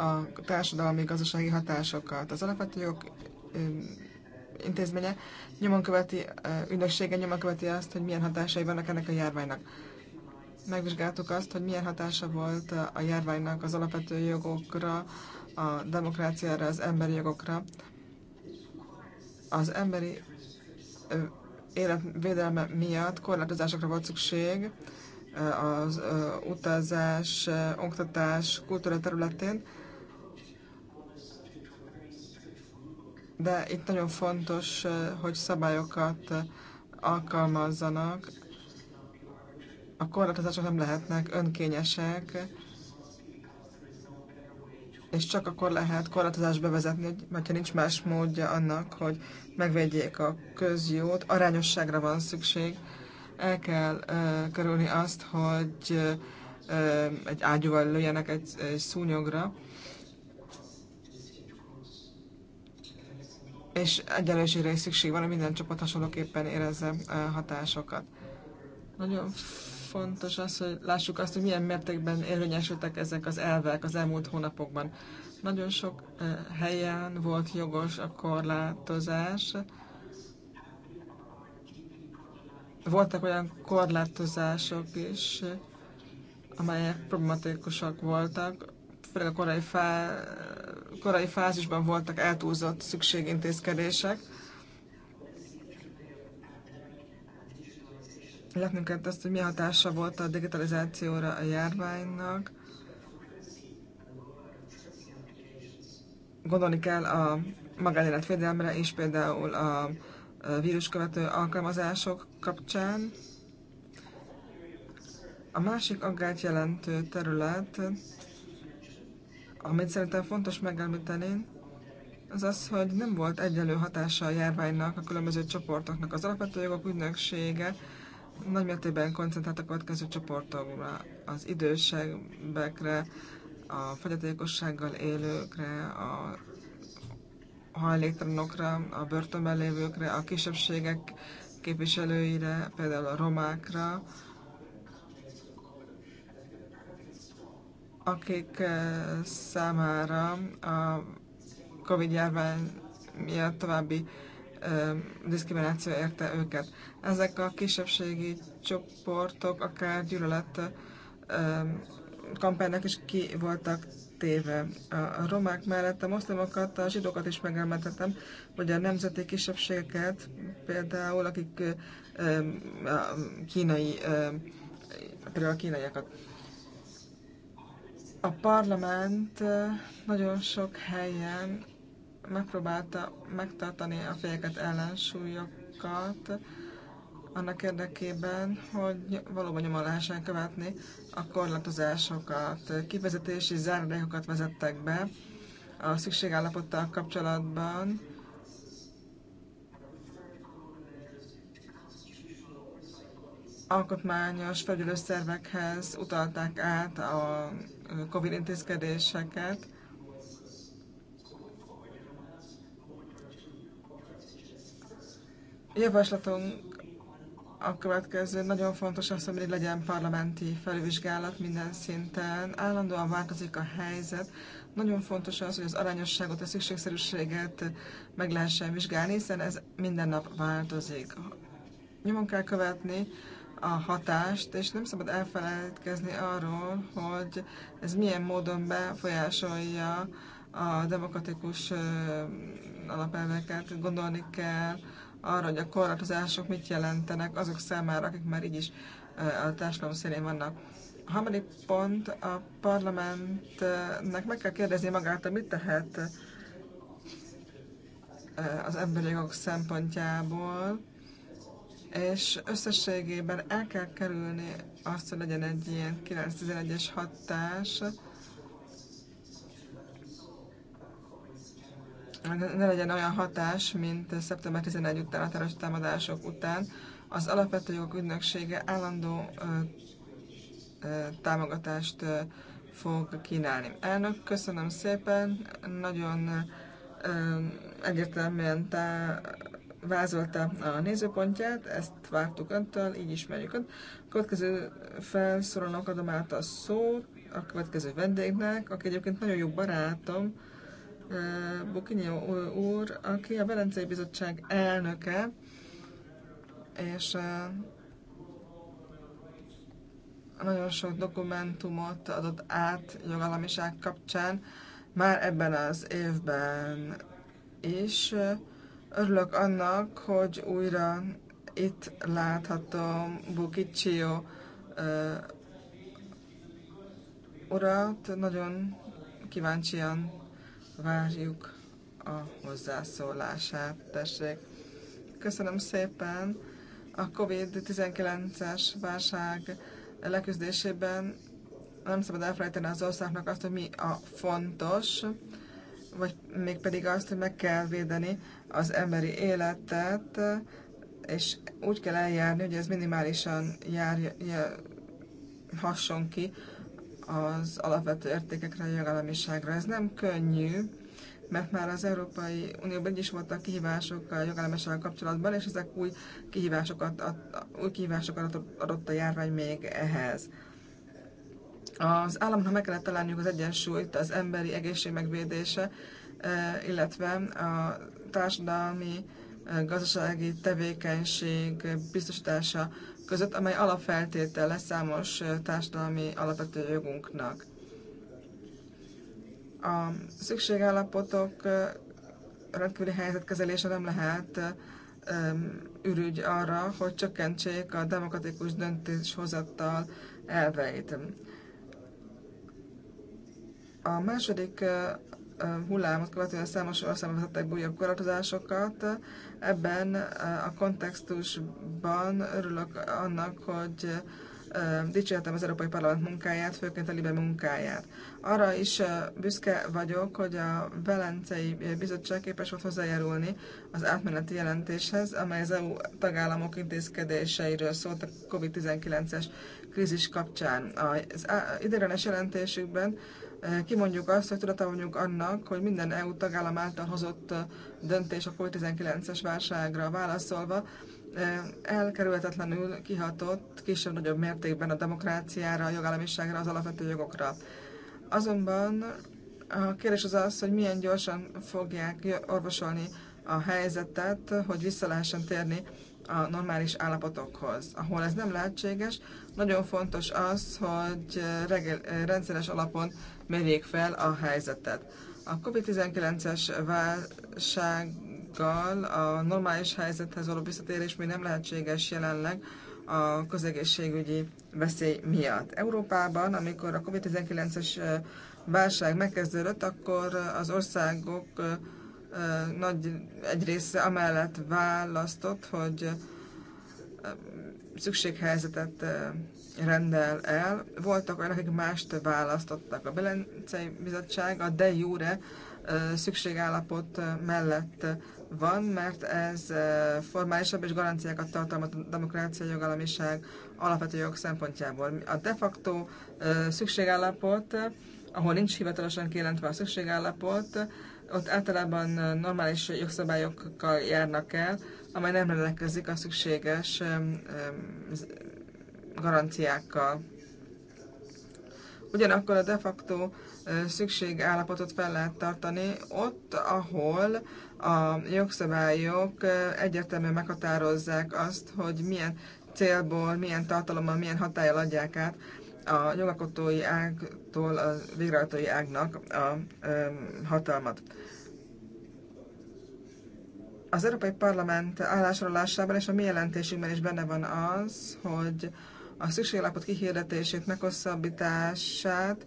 a társadalmi gazdasági hatásokat. Az alapvető jogok intézménye nyomon követi, ügynöksége nyomon követi azt, hogy milyen hatásai vannak ennek a járványnak. Megvizsgáltuk azt, hogy milyen hatása volt a járványnak az alapvető jogokra, a demokráciára, az emberi jogokra. Az emberi életvédelme miatt korlátozásokra volt szükség az utazás, oktatás, kultúra területén, de itt nagyon fontos, eh, hogy szabályokat eh, alkalmazzanak. A korlátozások nem lehetnek önkényesek, és csak akkor lehet korlátozást bevezetni, mert ha nincs más módja annak, hogy megvédjék a közjót, arányosságra van szükség. El kell uh, kerülni azt, hogy uh, egy ágyúval lőjenek egy, egy szúnyogra. és egyenlőségre is szükség van, hogy minden csapat hasonlóképpen érezze a hatásokat. Nagyon fontos az, hogy lássuk azt, hogy milyen mértékben érvényesültek ezek az elvek az elmúlt hónapokban. Nagyon sok helyen volt jogos a korlátozás. Voltak olyan korlátozások is, amelyek problematikusak voltak, főleg a korai fel korai fázisban voltak eltúlzott szükségintézkedések. Látnunk kellett azt, hogy mi hatása volt a digitalizációra a járványnak. Gondolni kell a magánélet is, például a víruskövető alkalmazások kapcsán. A másik aggályt jelentő terület amit szerintem fontos megemlíteni, az az, hogy nem volt egyenlő hatása a járványnak a különböző csoportoknak. Az alapvető jogok ügynöksége nagymértékben koncentrált a következő csoportokra, az idősebbekre, a fogyatékossággal élőkre, a hajléktalanokra, a börtönben lévőkre, a kisebbségek képviselőire, például a romákra, akik eh, számára a COVID-járvány miatt további eh, diszkrimináció érte őket. Ezek a kisebbségi csoportok akár gyűlölet eh, kampánynak is ki voltak téve. A romák mellett a moszlimokat, a zsidókat is megemlítettem, hogy a nemzeti kisebbségeket, például akik kínai, például a kínaiakat. A parlament nagyon sok helyen megpróbálta megtartani a fejeket ellensúlyokat annak érdekében, hogy valóban nyomon lehessen követni a korlátozásokat. Kivezetési záradékokat vezettek be a szükségállapottal kapcsolatban, alkotmányos felügyelő szervekhez utalták át a COVID intézkedéseket. Javaslatunk a következő. Nagyon fontos az, hogy mindig legyen parlamenti felvizsgálat minden szinten. Állandóan változik a helyzet. Nagyon fontos az, hogy az arányosságot, a szükségszerűséget meg lehessen vizsgálni, hiszen ez minden nap változik. Nyomon kell követni a hatást, és nem szabad elfelejtkezni arról, hogy ez milyen módon befolyásolja a demokratikus alapelveket. Gondolni kell arra, hogy a korlátozások mit jelentenek azok számára, akik már így is a társadalom szélén vannak. A harmadik pont a parlamentnek meg kell kérdezni magát, hogy mit tehet az emberi jogok szempontjából, és összességében el kell kerülni azt, hogy legyen egy ilyen 9-11-es hatás, ne legyen olyan hatás, mint szeptember 11 után, a terrorista támadások után. Az alapvető jogok ügynöksége állandó ö, ö, támogatást ö, fog kínálni. Elnök, köszönöm szépen, nagyon ö, egyértelműen tá, vázolta a nézőpontját, ezt vártuk öntől, így ismerjük önt. A következő felszorolnak adom át a szót a következő vendégnek, aki egyébként nagyon jó barátom, eh, Bukinyó úr, aki a Velencei Bizottság elnöke, és eh, nagyon sok dokumentumot adott át jogalamiság kapcsán, már ebben az évben is. Eh, Örülök annak, hogy újra itt láthatom Bukicsió uh, urat. Nagyon kíváncsian várjuk a hozzászólását. Tessék! Köszönöm szépen! A COVID-19-es válság leküzdésében nem szabad elfelejteni az országnak azt, hogy mi a fontos vagy mégpedig azt, hogy meg kell védeni az emberi életet, és úgy kell eljárni, hogy ez minimálisan jár, jár hasson ki az alapvető értékekre, a jogállamiságra. Ez nem könnyű, mert már az Európai Unióban is voltak kihívások a jogállamiság kapcsolatban, és ezek új kihívásokat, ad, új kihívásokat adott a járvány még ehhez. Az államnak meg kellett találniuk az egyensúlyt az emberi egészség megvédése, e, illetve a társadalmi e, gazdasági tevékenység biztosítása között, amely alapfeltétele számos e, társadalmi alapvető jogunknak. A szükségállapotok rendkívüli helyzetkezelése nem lehet ürügy arra, hogy csökkentsék a demokratikus döntéshozattal elveit. A második hullámot követően számos országban vezettek újabb korlátozásokat. Ebben a kontextusban örülök annak, hogy dicsértem az Európai Parlament munkáját, főként a Libe munkáját. Arra is büszke vagyok, hogy a Velencei Bizottság képes volt hozzájárulni az átmeneti jelentéshez, amely az EU tagállamok intézkedéseiről szólt a COVID-19-es krízis kapcsán. Az idegenes jelentésükben Eh, kimondjuk azt, hogy tudatában vagyunk annak, hogy minden EU tagállam által hozott eh, döntés a COVID-19-es válságra válaszolva eh, elkerülhetetlenül kihatott kisebb-nagyobb mértékben a demokráciára, a jogállamiságra, az alapvető jogokra. Azonban a kérdés az az, hogy milyen gyorsan fogják orvosolni a helyzetet, hogy vissza lehessen térni a normális állapotokhoz. Ahol ez nem lehetséges, nagyon fontos az, hogy rendszeres alapon mérjék fel a helyzetet. A COVID-19-es válsággal a normális helyzethez való visszatérés még nem lehetséges jelenleg a közegészségügyi veszély miatt. Európában, amikor a COVID-19-es válság megkezdődött, akkor az országok nagy egy része amellett választott, hogy szükséghelyzetet rendel el. Voltak olyanok, akik mást választottak. A Belencei Bizottság a de jure szükségállapot mellett van, mert ez formálisabb és garanciákat tartalmaz a demokrácia, jogállamiság alapvető jog szempontjából. A de facto szükségállapot, ahol nincs hivatalosan kijelentve a szükségállapot, ott általában normális jogszabályokkal járnak el, amely nem rendelkezik a szükséges garanciákkal. Ugyanakkor a de facto szükségállapotot fel lehet tartani ott, ahol a jogszabályok egyértelműen meghatározzák azt, hogy milyen célból, milyen tartalommal, milyen hatállal adják át a jogalkotói ágtól a végrehajtói ágnak a hatalmat. Az Európai Parlament állásolásában és a mi jelentésünkben is benne van az, hogy a szükségállapot kihirdetését, meghosszabbítását,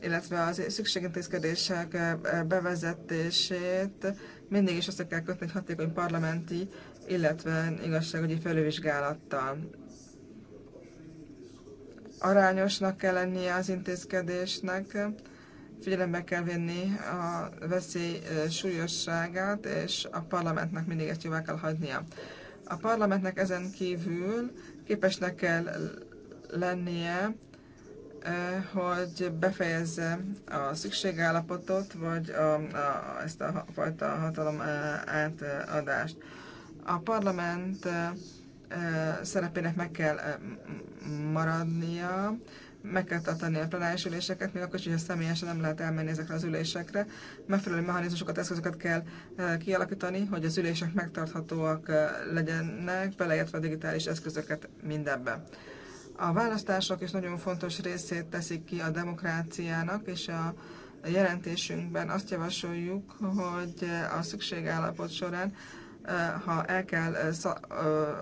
illetve az szükségintézkedések eh, bevezetését mindig is össze kell kötni egy hatékony parlamenti, illetve igazságügyi felülvizsgálattal. Arányosnak kell lennie az intézkedésnek, figyelembe kell venni a veszély súlyosságát, és a parlamentnek mindig ezt jóvá kell hagynia. A parlamentnek ezen kívül képesnek kell lennie, hogy befejezze a szükségállapotot, vagy a, a, ezt a fajta hatalom átadást. A parlament szerepének meg kell maradnia, meg kell tartani a plenáris üléseket, még akkor is, hogyha személyesen nem lehet elmenni ezekre az ülésekre. Megfelelő mechanizmusokat, eszközöket kell kialakítani, hogy az ülések megtarthatóak legyenek, beleértve a digitális eszközöket mindenbe. A választások is nagyon fontos részét teszik ki a demokráciának, és a jelentésünkben azt javasoljuk, hogy a szükségállapot során ha el kell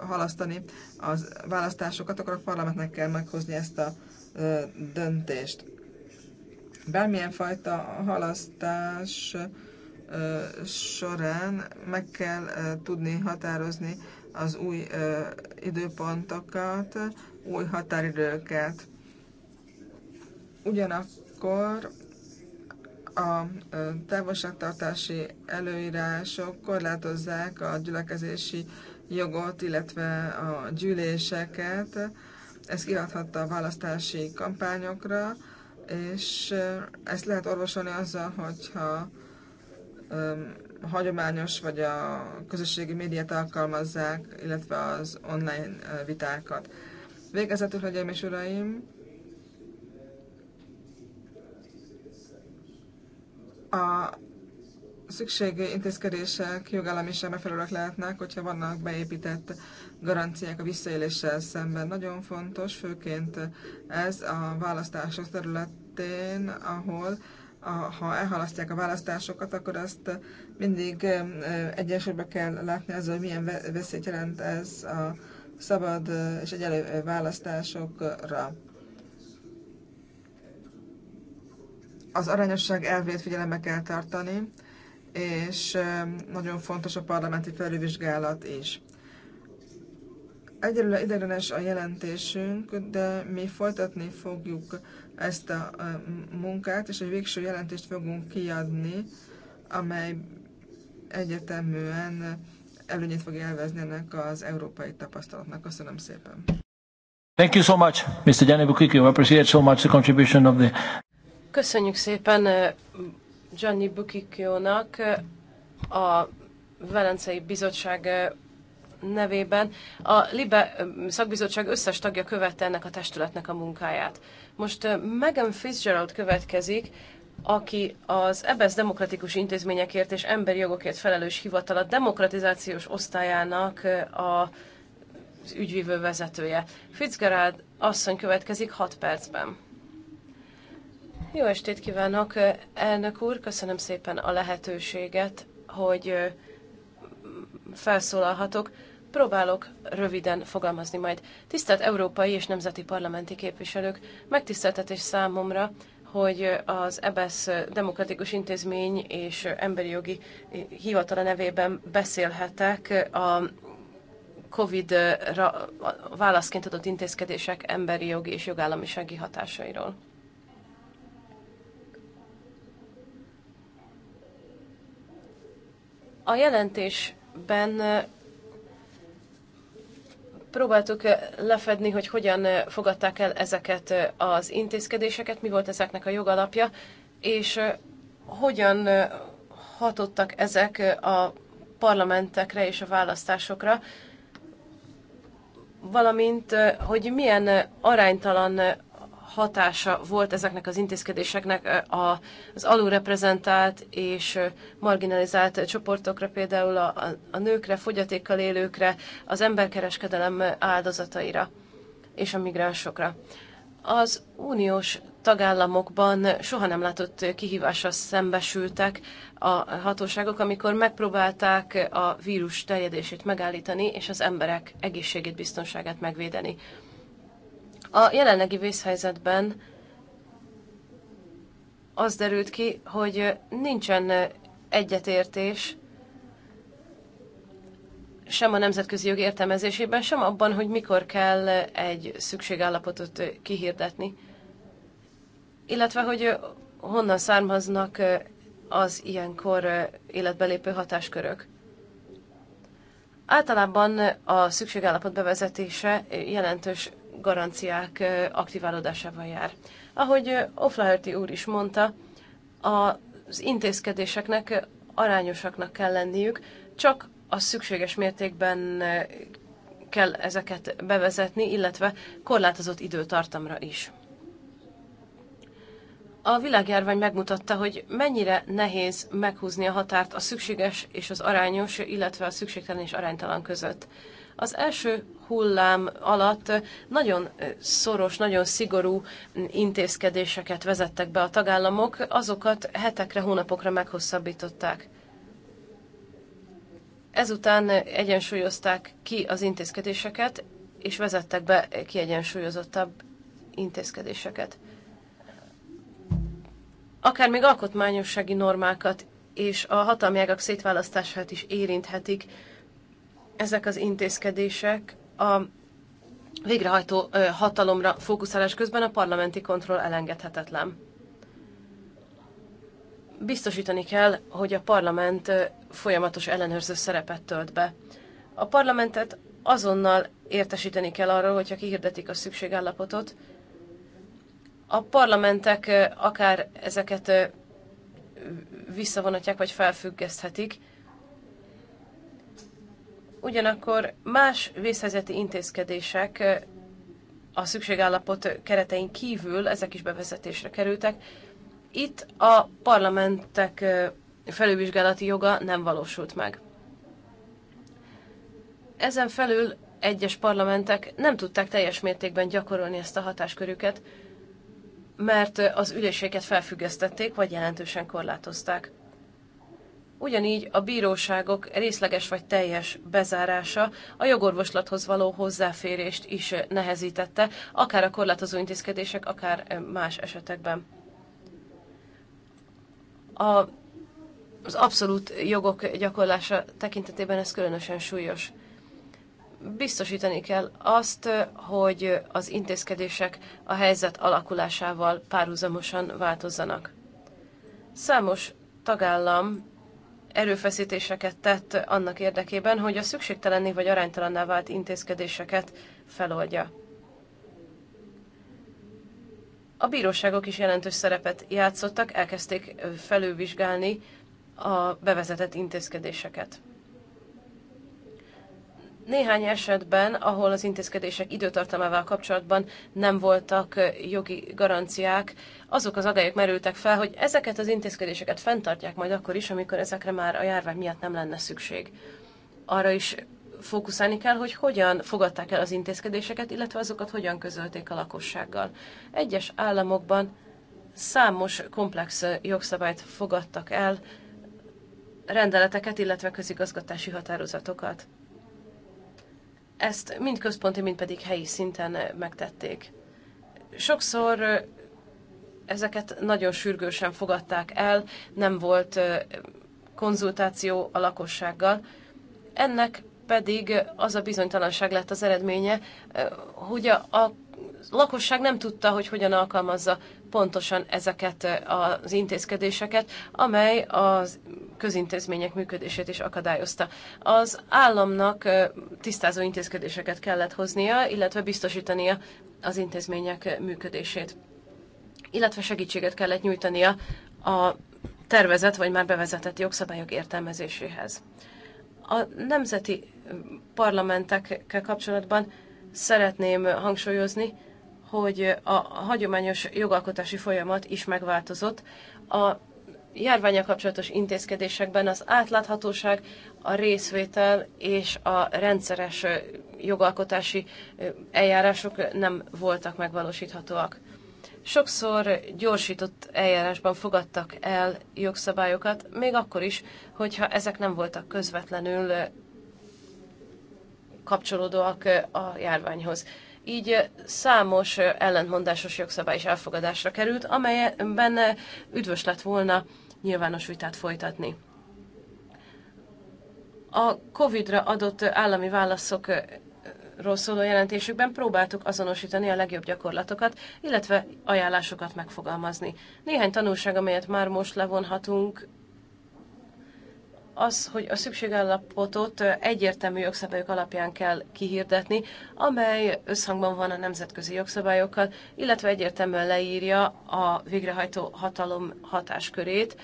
halasztani az választásokat, akkor a parlamentnek kell meghozni ezt a döntést. Bármilyen fajta halasztás során meg kell tudni határozni az új időpontokat, új határidőket. Ugyanakkor a távolságtartási előírások korlátozzák a gyülekezési jogot, illetve a gyűléseket, ez kihathatta a választási kampányokra, és ezt lehet orvosolni azzal, hogyha a hagyományos vagy a közösségi médiát alkalmazzák, illetve az online vitákat. Végezetül, hölgyeim és uraim, a szükségű intézkedések jogállamiság megfelelőek lehetnek, hogyha vannak beépített garanciák a visszaéléssel szemben. Nagyon fontos, főként ez a választások területén, ahol a, ha elhalasztják a választásokat, akkor azt mindig egyensúlyba kell látni azzal, hogy milyen veszélyt jelent ez a szabad és egyenlő választásokra. Az arányosság elvét figyelembe kell tartani, és nagyon fontos a parlamenti felülvizsgálat is. Egyelőre ideiglenes a jelentésünk, de mi folytatni fogjuk ezt a munkát, és egy végső jelentést fogunk kiadni, amely egyeteműen előnyét fog elvezni ennek az európai tapasztalatnak. Köszönöm szépen. Thank you so much, Mr. Gianni Bukiki. We appreciate so much the contribution of the... Köszönjük szépen Gianni eh, Bukikiónak, eh, a Velencei Bizottság eh, nevében. A LIBE szakbizottság összes tagja követte ennek a testületnek a munkáját. Most Megan Fitzgerald következik, aki az EBSZ demokratikus intézményekért és emberi jogokért felelős hivatal a demokratizációs osztályának a ügyvívő vezetője. Fitzgerald asszony következik 6 percben. Jó estét kívánok, elnök úr, köszönöm szépen a lehetőséget, hogy felszólalhatok. Próbálok röviden fogalmazni majd. Tisztelt európai és nemzeti parlamenti képviselők, megtiszteltetés számomra, hogy az EBSZ demokratikus intézmény és emberi jogi hivatala nevében beszélhetek a COVID-ra válaszként adott intézkedések emberi jogi és jogállamisági hatásairól. A jelentésben Próbáltuk eh, lefedni, hogy hogyan eh, fogadták el ezeket eh, az intézkedéseket, mi volt ezeknek a jogalapja, és hogyan hatottak ezek a parlamentekre és a választásokra, valamint hogy milyen aránytalan hatása volt ezeknek az intézkedéseknek az alulreprezentált és marginalizált csoportokra, például a, a nőkre, fogyatékkal élőkre, az emberkereskedelem áldozataira és a migránsokra. Az uniós tagállamokban soha nem látott kihívásra szembesültek a hatóságok, amikor megpróbálták a vírus terjedését megállítani és az emberek egészségét, biztonságát megvédeni. A jelenlegi vészhelyzetben az derült ki, hogy nincsen egyetértés sem a nemzetközi jog értelmezésében, sem abban, hogy mikor kell egy szükségállapotot kihirdetni, illetve hogy honnan származnak az ilyenkor életbelépő hatáskörök. Általában a szükségállapot bevezetése jelentős garanciák aktiválódásával jár. Ahogy Oflaherty úr is mondta, az intézkedéseknek arányosaknak kell lenniük, csak a szükséges mértékben kell ezeket bevezetni, illetve korlátozott időtartamra is. A világjárvány megmutatta, hogy mennyire nehéz meghúzni a határt a szükséges és az arányos, illetve a szükségtelen és aránytalan között. Az első hullám alatt nagyon eh, szoros, nagyon szigorú intézkedéseket vezettek be a tagállamok, azokat hetekre, hónapokra meghosszabbították. Ezután egyensúlyozták ki az intézkedéseket, és vezettek be kiegyensúlyozottabb intézkedéseket. Akár még alkotmányossági normákat és a hatalmi ágak szétválasztását is érinthetik ezek az intézkedések, a végrehajtó hatalomra fókuszálás közben a parlamenti kontroll elengedhetetlen. Biztosítani kell, hogy a parlament folyamatos ellenőrző szerepet tölt be. A parlamentet azonnal értesíteni kell arról, hogyha kihirdetik a szükségállapotot. A parlamentek akár ezeket visszavonatják vagy felfüggeszthetik, ugyanakkor más vészhelyzeti intézkedések a szükségállapot keretein kívül, ezek is bevezetésre kerültek. Itt a parlamentek felülvizsgálati joga nem valósult meg. Ezen felül egyes parlamentek nem tudták teljes mértékben gyakorolni ezt a hatáskörüket, mert az üléseket felfüggesztették, vagy jelentősen korlátozták. Ugyanígy a bíróságok részleges vagy teljes bezárása a jogorvoslathoz való hozzáférést is nehezítette, akár a korlátozó intézkedések, akár eh, más esetekben. A, az abszolút jogok gyakorlása tekintetében ez különösen súlyos. Biztosítani kell azt, eh, hogy az intézkedések a helyzet alakulásával párhuzamosan változzanak. Számos tagállam erőfeszítéseket tett annak érdekében, hogy a szükségtelenné vagy aránytalanná vált intézkedéseket feloldja. A bíróságok is jelentős szerepet játszottak, elkezdték felülvizsgálni a bevezetett intézkedéseket. Néhány esetben, ahol az intézkedések időtartamával kapcsolatban nem voltak jogi garanciák, azok az agályok merültek fel, hogy ezeket az intézkedéseket fenntartják majd akkor is, amikor ezekre már a járvány miatt nem lenne szükség. Arra is fókuszálni kell, hogy hogyan fogadták el az intézkedéseket, illetve azokat hogyan közölték a lakossággal. Egyes államokban számos komplex jogszabályt fogadtak el, rendeleteket, illetve közigazgatási határozatokat. Ezt mind központi, mind pedig helyi szinten megtették. Sokszor ezeket nagyon sürgősen fogadták el, nem volt konzultáció a lakossággal. Ennek pedig az a bizonytalanság lett az eredménye, hogy a, a lakosság nem tudta, hogy hogyan alkalmazza pontosan ezeket az intézkedéseket, amely a közintézmények működését is akadályozta. Az államnak tisztázó intézkedéseket kellett hoznia, illetve biztosítania az intézmények működését. Illetve segítséget kellett nyújtania a tervezett vagy már bevezetett jogszabályok értelmezéséhez. A nemzeti parlamentekkel kapcsolatban szeretném hangsúlyozni, hogy a hagyományos jogalkotási folyamat is megváltozott. A járványa kapcsolatos intézkedésekben az átláthatóság, a részvétel és a rendszeres jogalkotási eljárások nem voltak megvalósíthatóak. Sokszor gyorsított eljárásban fogadtak el jogszabályokat, még akkor is, hogyha ezek nem voltak közvetlenül kapcsolódóak a járványhoz. Így számos ellentmondásos jogszabály is elfogadásra került, amelyben üdvös lett volna nyilvános vitát folytatni. A COVID-ra adott állami válaszok szóló jelentésükben próbáltuk azonosítani a legjobb gyakorlatokat, illetve ajánlásokat megfogalmazni. Néhány tanulság, amelyet már most levonhatunk, az, hogy a szükségállapotot egyértelmű jogszabályok alapján kell kihirdetni, amely összhangban van a nemzetközi jogszabályokkal, illetve egyértelműen leírja a végrehajtó hatalom hatáskörét,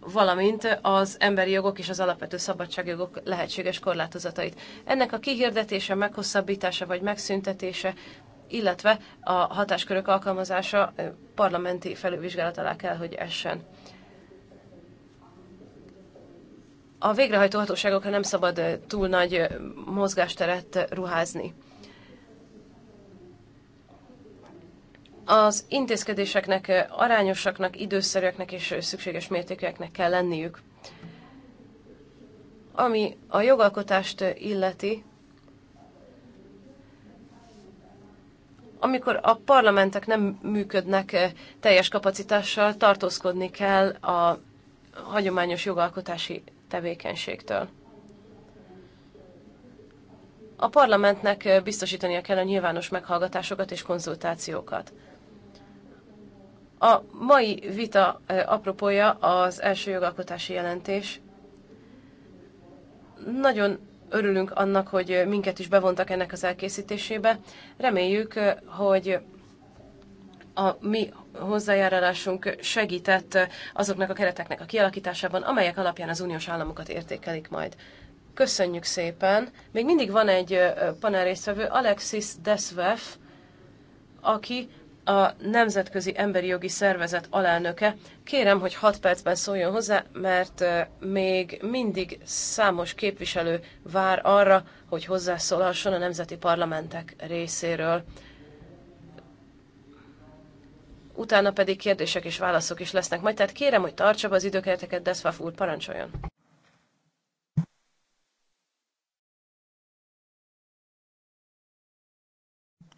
valamint az emberi jogok és az alapvető szabadságjogok lehetséges korlátozatait. Ennek a kihirdetése, meghosszabbítása vagy megszüntetése illetve a hatáskörök alkalmazása parlamenti felülvizsgálat alá kell, hogy essen. a végrehajtó hatóságokra nem szabad túl nagy mozgásteret ruházni. Az intézkedéseknek arányosaknak, időszerűeknek és szükséges mértékűeknek kell lenniük. Ami a jogalkotást illeti, amikor a parlamentek nem működnek teljes kapacitással, tartózkodni kell a hagyományos jogalkotási tevékenységtől. A parlamentnek biztosítania kell a nyilvános meghallgatásokat és konzultációkat. A mai vita apropója az első jogalkotási jelentés. Nagyon örülünk annak, hogy minket is bevontak ennek az elkészítésébe. Reméljük, hogy a mi hozzájárulásunk segített azoknak a kereteknek a kialakításában, amelyek alapján az uniós államokat értékelik majd. Köszönjük szépen! Még mindig van egy panel résztvevő, Alexis Desvef, aki a Nemzetközi Emberi Jogi Szervezet alelnöke. Kérem, hogy 6 percben szóljon hozzá, mert még mindig számos képviselő vár arra, hogy hozzászólhasson a nemzeti parlamentek részéről utána pedig kérdések és válaszok is lesznek majd, tehát kérem, hogy tartsa be az időkereteket, Deszfaf úr, parancsoljon!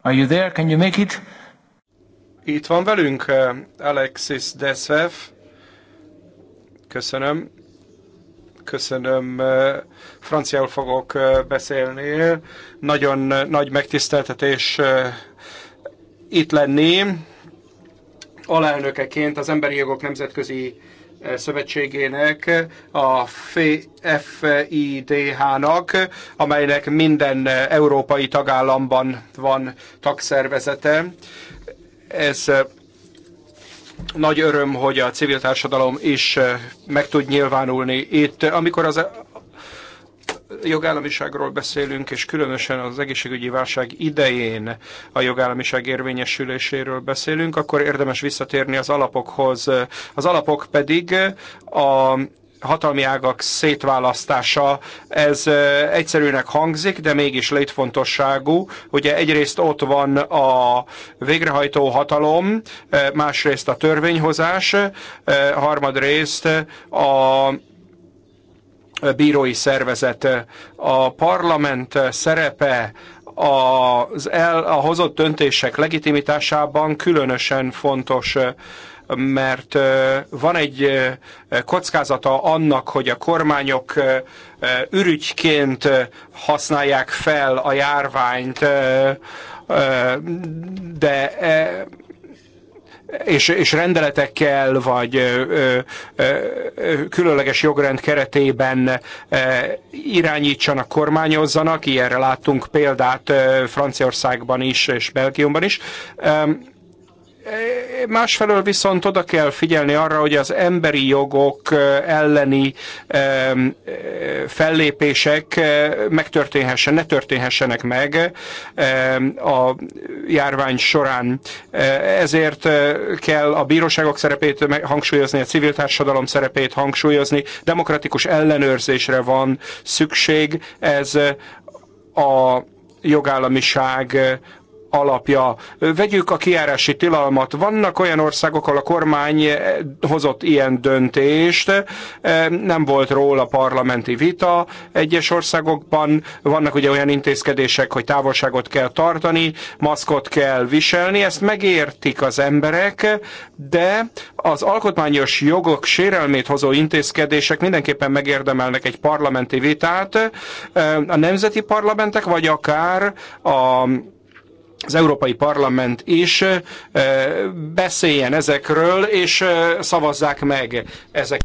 Are you there? Can you make it? Itt van velünk eh, Alexis Desvev. Köszönöm. Köszönöm. Eh, franciául fogok eh, beszélni. Nagyon nagy megtiszteltetés itt lenni alelnökeként az Emberi Jogok Nemzetközi eh, Szövetségének, a FIDH-nak, amelynek minden eh, európai tagállamban van tagszervezete. Ez eh, nagy öröm, hogy a civil társadalom is meg tud nyilvánulni itt. Amikor az jogállamiságról beszélünk, és különösen az egészségügyi válság idején a jogállamiság érvényesüléséről beszélünk, akkor érdemes visszatérni az alapokhoz. Az alapok pedig a hatalmi ágak szétválasztása, ez egyszerűnek hangzik, de mégis létfontosságú. Ugye egyrészt ott van a végrehajtó hatalom, másrészt a törvényhozás, harmadrészt a bírói szervezet. A parlament szerepe az el, a hozott döntések legitimitásában különösen fontos mert van egy kockázata annak, hogy a kormányok ürügyként használják fel a járványt, de e, és, és rendeletekkel vagy ö, ö, különleges jogrend keretében ö, irányítsanak, kormányozzanak. Ilyenre láttunk példát Franciaországban is és Belgiumban is. Ö, Másfelől viszont oda kell figyelni arra, hogy az emberi jogok elleni fellépések megtörténhessen, ne történhessenek meg a járvány során. Ezért kell a bíróságok szerepét hangsúlyozni, a civil társadalom szerepét hangsúlyozni, demokratikus ellenőrzésre van szükség. Ez a jogállamiság alapja. Vegyük a kiárási tilalmat. Vannak olyan országok, ahol a kormány hozott ilyen döntést, nem volt róla parlamenti vita. Egyes országokban vannak ugye olyan intézkedések, hogy távolságot kell tartani, maszkot kell viselni, ezt megértik az emberek, de az alkotmányos jogok sérelmét hozó intézkedések mindenképpen megérdemelnek egy parlamenti vitát. A nemzeti parlamentek, vagy akár a az Európai Parlament is beszéljen ezekről, és szavazzák meg ezeket.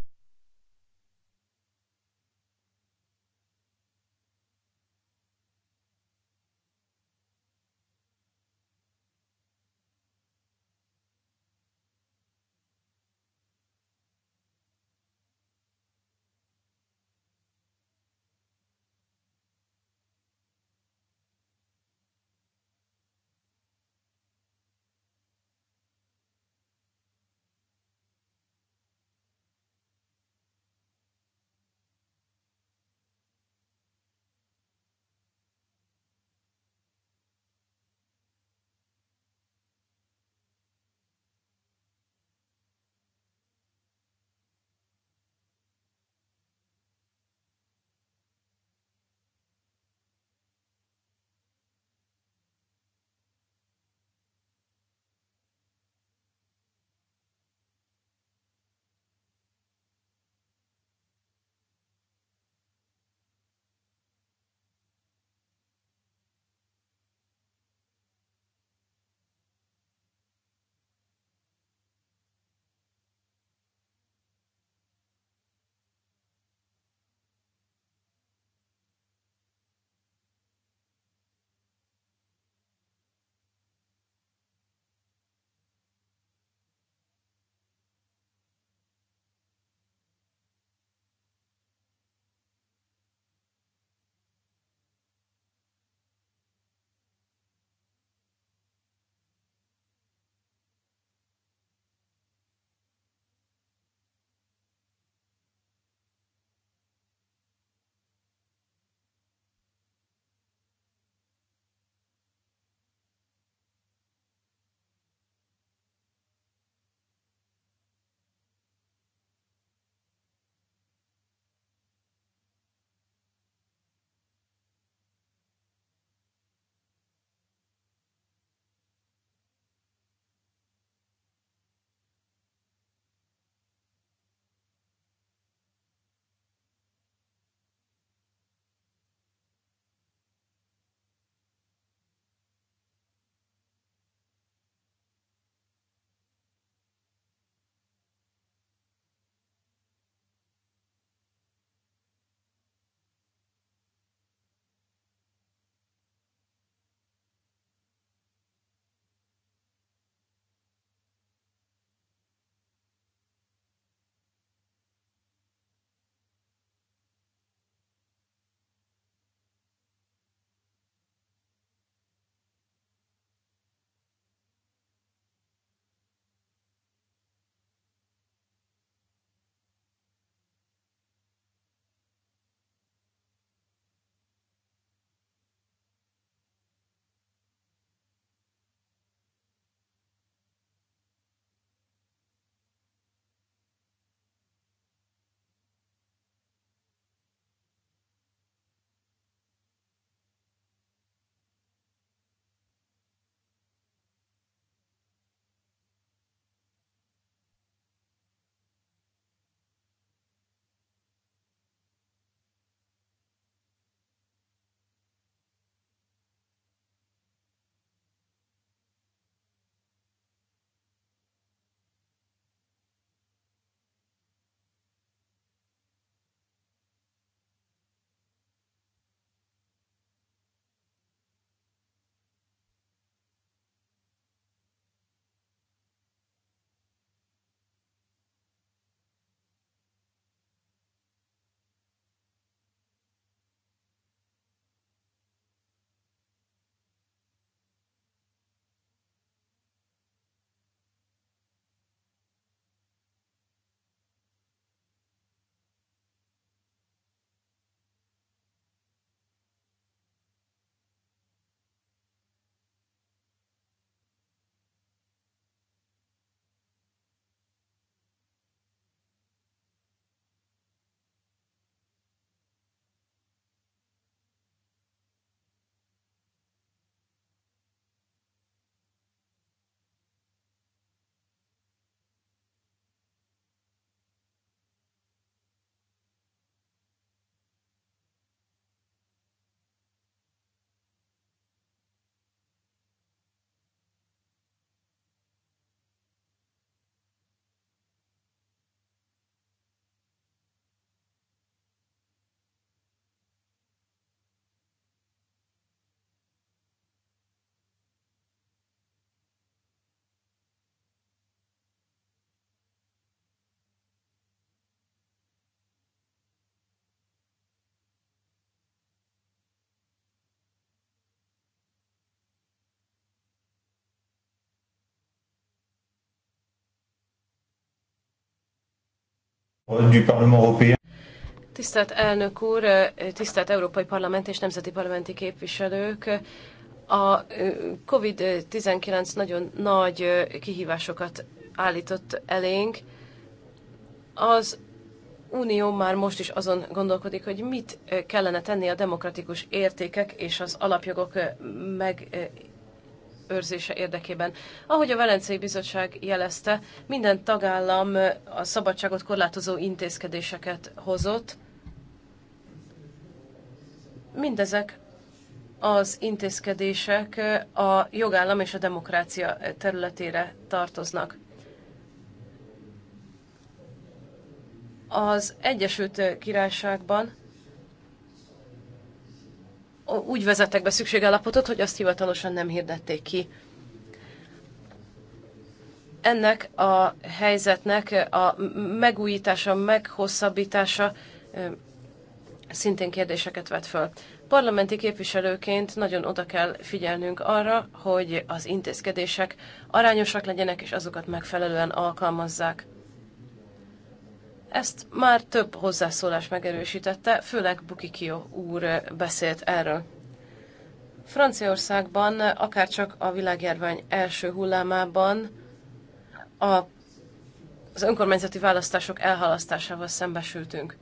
du Parlement européen. Tisztelt elnök úr, tisztelt Európai Parlament és Nemzeti Parlamenti képviselők! A COVID-19 nagyon nagy kihívásokat állított elénk. Az Unió már most is azon gondolkodik, hogy mit kellene tenni a demokratikus értékek és az alapjogok meg őrzése érdekében. Ahogy a Velencei Bizottság jelezte, minden tagállam a szabadságot korlátozó intézkedéseket hozott. Mindezek az intézkedések a jogállam és a demokrácia területére tartoznak. Az Egyesült Királyságban úgy vezettek be szükségállapotot, hogy azt hivatalosan nem hirdették ki. Ennek a helyzetnek a megújítása, meghosszabbítása szintén kérdéseket vet föl. Parlamenti képviselőként nagyon oda kell figyelnünk arra, hogy az intézkedések arányosak legyenek, és azokat megfelelően alkalmazzák. Ezt már több hozzászólás megerősítette, főleg Bukikio úr beszélt erről. Franciaországban, akárcsak a világjárvány első hullámában a, az önkormányzati választások elhalasztásával szembesültünk.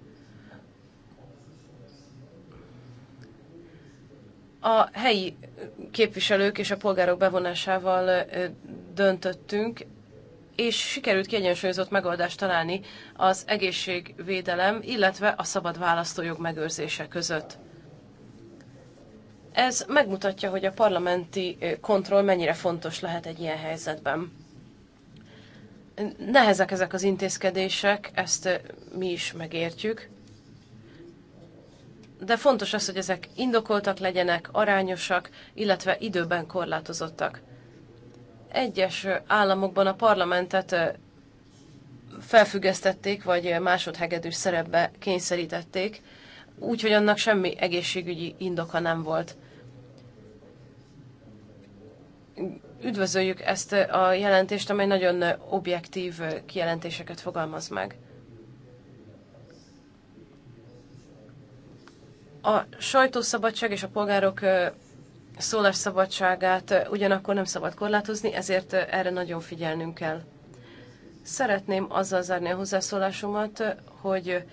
A helyi képviselők és a polgárok bevonásával döntöttünk, és sikerült kiegyensúlyozott megoldást találni az egészségvédelem, illetve a szabad választójog megőrzése között. Ez megmutatja, hogy a parlamenti kontroll mennyire fontos lehet egy ilyen helyzetben. Nehezek ezek az intézkedések, ezt mi is megértjük, de fontos az, hogy ezek indokoltak legyenek, arányosak, illetve időben korlátozottak. Egyes államokban a parlamentet felfüggesztették, vagy másodhegedű szerepbe kényszerítették, úgyhogy annak semmi egészségügyi indoka nem volt. Üdvözöljük ezt a jelentést, amely nagyon objektív kijelentéseket fogalmaz meg. A sajtószabadság és a polgárok szólásszabadságát ugyanakkor nem szabad korlátozni, ezért erre nagyon figyelnünk kell. Szeretném azzal zárni a hozzászólásomat, hogy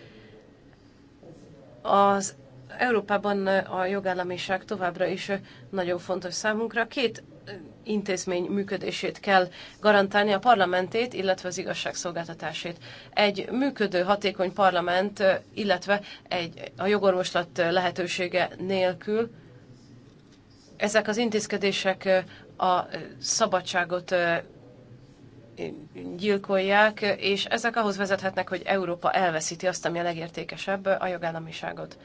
az Európában a jogállamiság továbbra is nagyon fontos számunkra. Két intézmény működését kell garantálni, a parlamentét, illetve az igazságszolgáltatásét. Egy működő, hatékony parlament, illetve egy, a jogorvoslat lehetősége nélkül ezek az intézkedések a szabadságot gyilkolják, és ezek ahhoz vezethetnek, hogy Európa elveszíti azt, ami a legértékesebb, a jogállamiságot.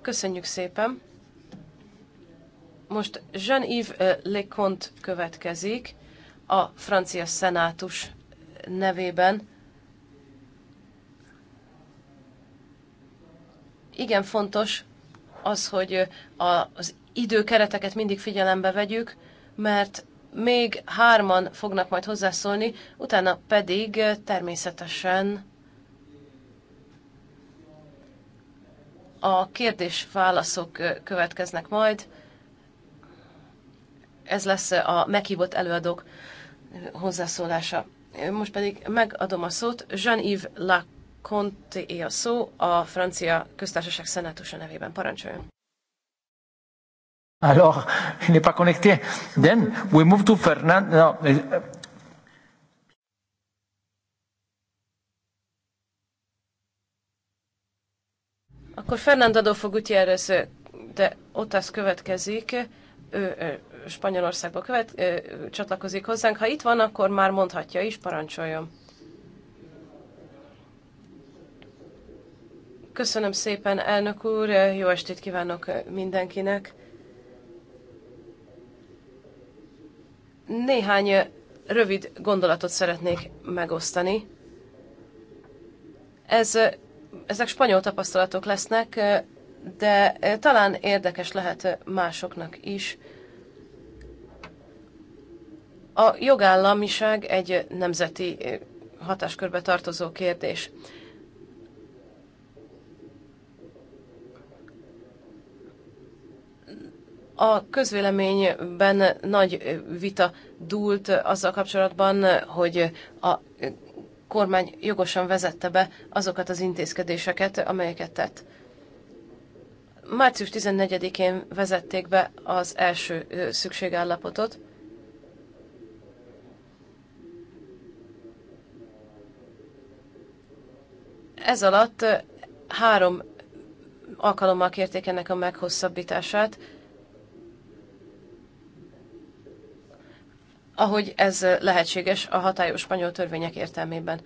Köszönjük szépen! Most Jean-Yves Leconte következik a francia szenátus nevében. Igen fontos az, hogy az időkereteket mindig figyelembe vegyük, mert még hárman fognak majd hozzászólni, utána pedig eh, természetesen a kérdés-válaszok eh, következnek majd. Ez lesz eh, a meghívott előadók hozzászólása. Most pedig megadom a szót Jean-Yves Laconté a szó a francia köztársaság szenátusa nevében. Parancsoljon! Alors, il n'est pas connecté. Then we move to Fernand. No. Eh, akkor Fernando Adolfo Gutiérrez de az következik, ő, ő Spanyolországba követ, ő, csatlakozik hozzánk. Ha itt van, akkor már mondhatja is, parancsoljon. Köszönöm szépen, elnök úr, jó estét kívánok mindenkinek. Néhány rövid gondolatot szeretnék megosztani. Ez, ezek spanyol tapasztalatok lesznek, de talán érdekes lehet másoknak is. A jogállamiság egy nemzeti hatáskörbe tartozó kérdés. A közvéleményben nagy vita dúlt azzal kapcsolatban, hogy a kormány jogosan vezette be azokat az intézkedéseket, amelyeket tett. Március 14-én vezették be az első szükségállapotot. Ez alatt három alkalommal kérték ennek a meghosszabbítását, ahogy ez lehetséges a hatályos spanyol törvények értelmében.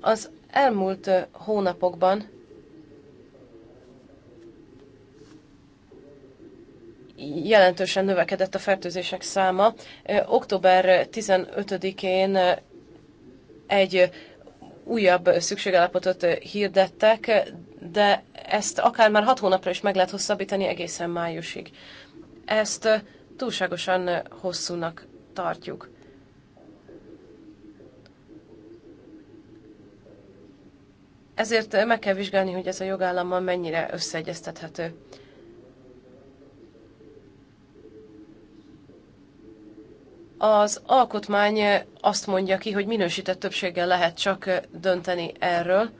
Az elmúlt hónapokban jelentősen növekedett a fertőzések száma. Október 15-én egy újabb szükségállapotot hirdettek, de ezt akár már hat hónapra is meg lehet hosszabbítani egészen májusig. Ezt túlságosan hosszúnak tartjuk. Ezért meg kell vizsgálni, hogy ez a jogállammal mennyire összeegyeztethető. Az alkotmány azt mondja ki, hogy minősített többséggel lehet csak dönteni erről,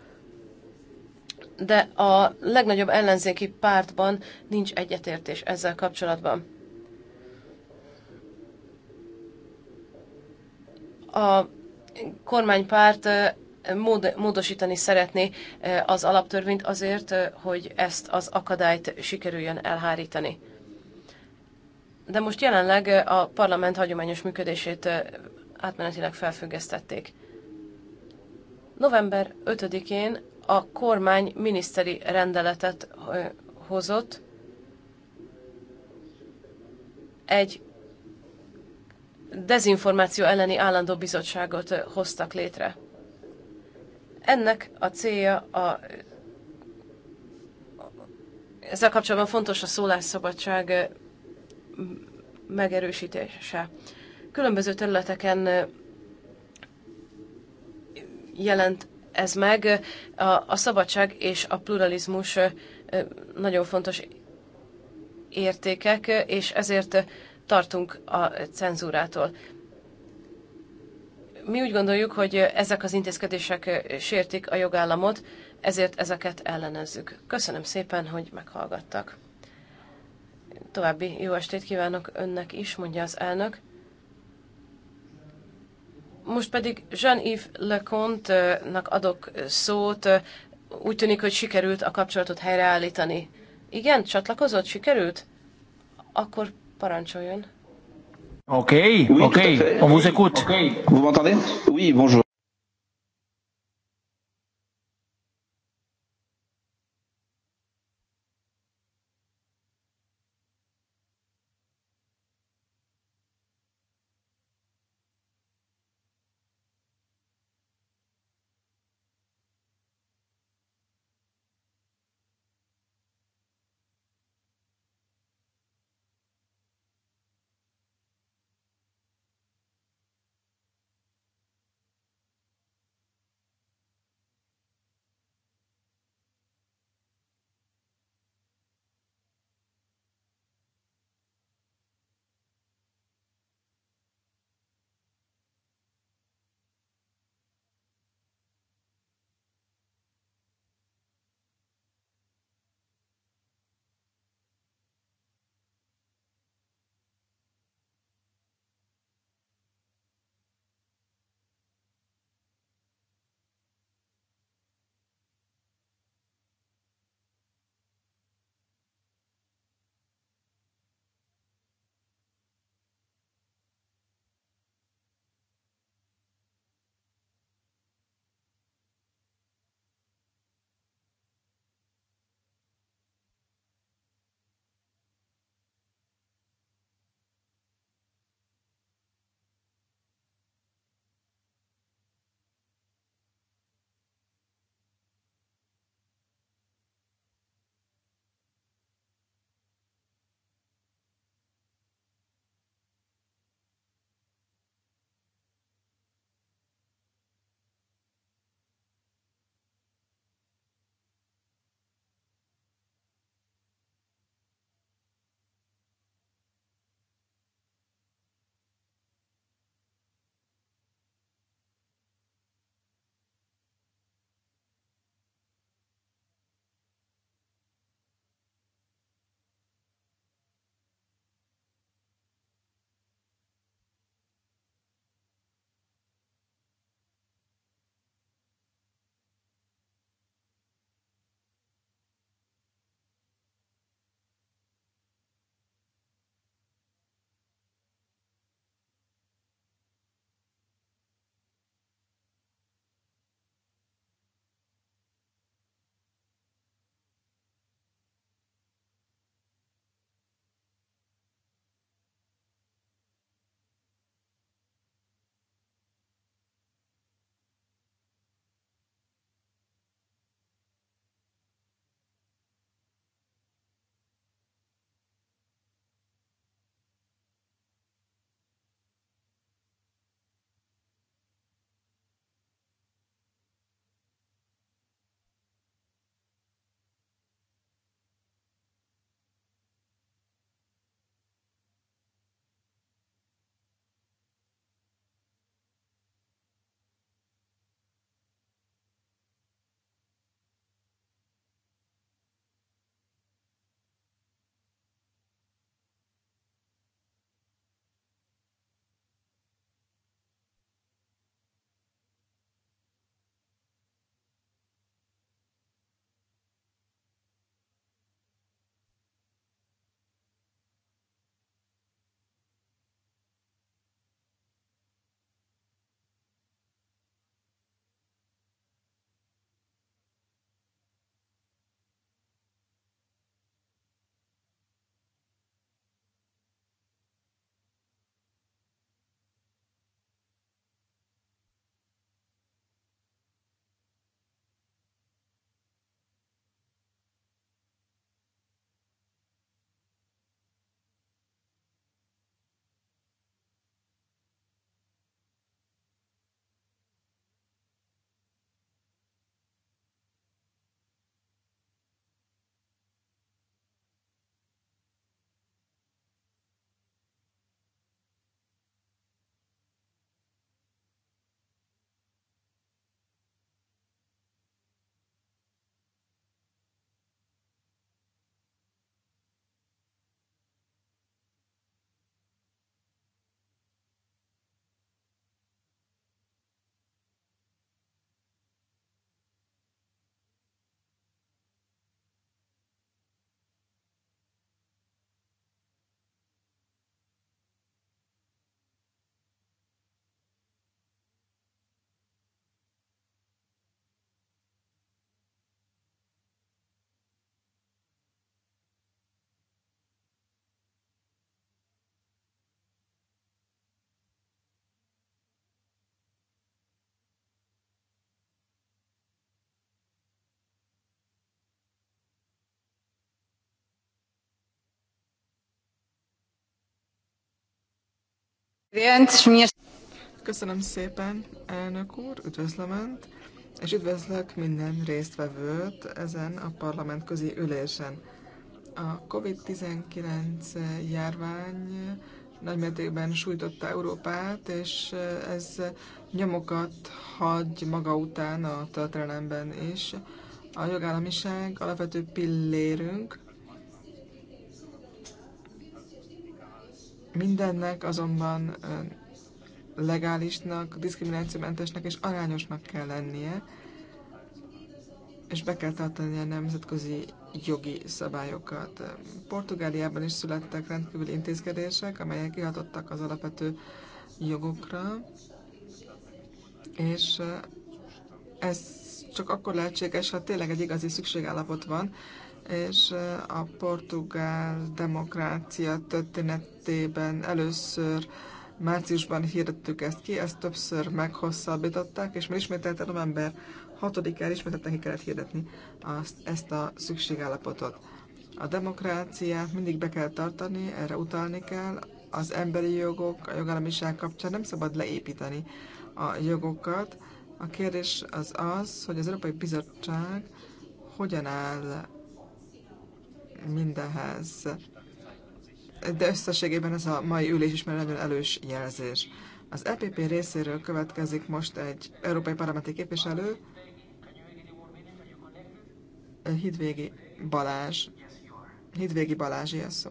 de a legnagyobb ellenzéki pártban nincs egyetértés ezzel kapcsolatban. A kormánypárt mód, módosítani szeretné az alaptörvényt azért, hogy ezt az akadályt sikerüljön elhárítani. De most jelenleg a parlament hagyományos működését átmenetileg felfüggesztették. November 5-én a kormány miniszteri rendeletet hozott egy dezinformáció elleni állandó bizottságot hoztak létre. Ennek a célja a ezzel kapcsolatban fontos a szólásszabadság megerősítése. Különböző területeken jelent ez meg. A, a szabadság és a pluralizmus nagyon fontos értékek, és ezért tartunk a cenzúrától. Mi úgy gondoljuk, hogy ezek az intézkedések sértik a jogállamot, ezért ezeket ellenezzük. Köszönöm szépen, hogy meghallgattak. További jó estét kívánok önnek is, mondja az elnök. Most pedig Jean-Yves Leconte-nak adok szót. Úgy tűnik, hogy sikerült a kapcsolatot helyreállítani. Igen, csatlakozott, sikerült? Akkor Parancsoljon. Ok, oui, ok, on vous écoute. Okay. Vous m'entendez Oui, bonjour. Köszönöm szépen, elnök úr, üdvözlöm Önt, és üdvözlök minden résztvevőt ezen a parlament ülésen. A COVID-19 járvány nagymértékben sújtotta Európát, és ez nyomokat hagy maga után a történelemben is. A jogállamiság alapvető pillérünk, Mindennek azonban legálisnak, diszkriminációmentesnek és arányosnak kell lennie, és be kell tartani a nemzetközi jogi szabályokat. Portugáliában is születtek rendkívüli intézkedések, amelyek kihatottak az alapvető jogokra, és ez csak akkor lehetséges, ha tényleg egy igazi szükségállapot van, és eh, a portugál demokrácia történetében először márciusban hirdettük ezt ki, ezt többször meghosszabbították, és már ismételten november 6-án ismételten ki kellett hirdetni azt, ezt a szükségállapotot. A demokráciát mindig be kell tartani, erre utalni kell, az emberi jogok, a jogállamiság kapcsán nem szabad leépíteni a jogokat. A kérdés az az, hogy az Európai Bizottság hogyan áll mindehez. De összességében ez a mai ülés is már nagyon elős jelzés. Az EPP részéről következik most egy európai parlamenti képviselő, Hidvégi Balázs. Hidvégi Balázs, ilyen szó.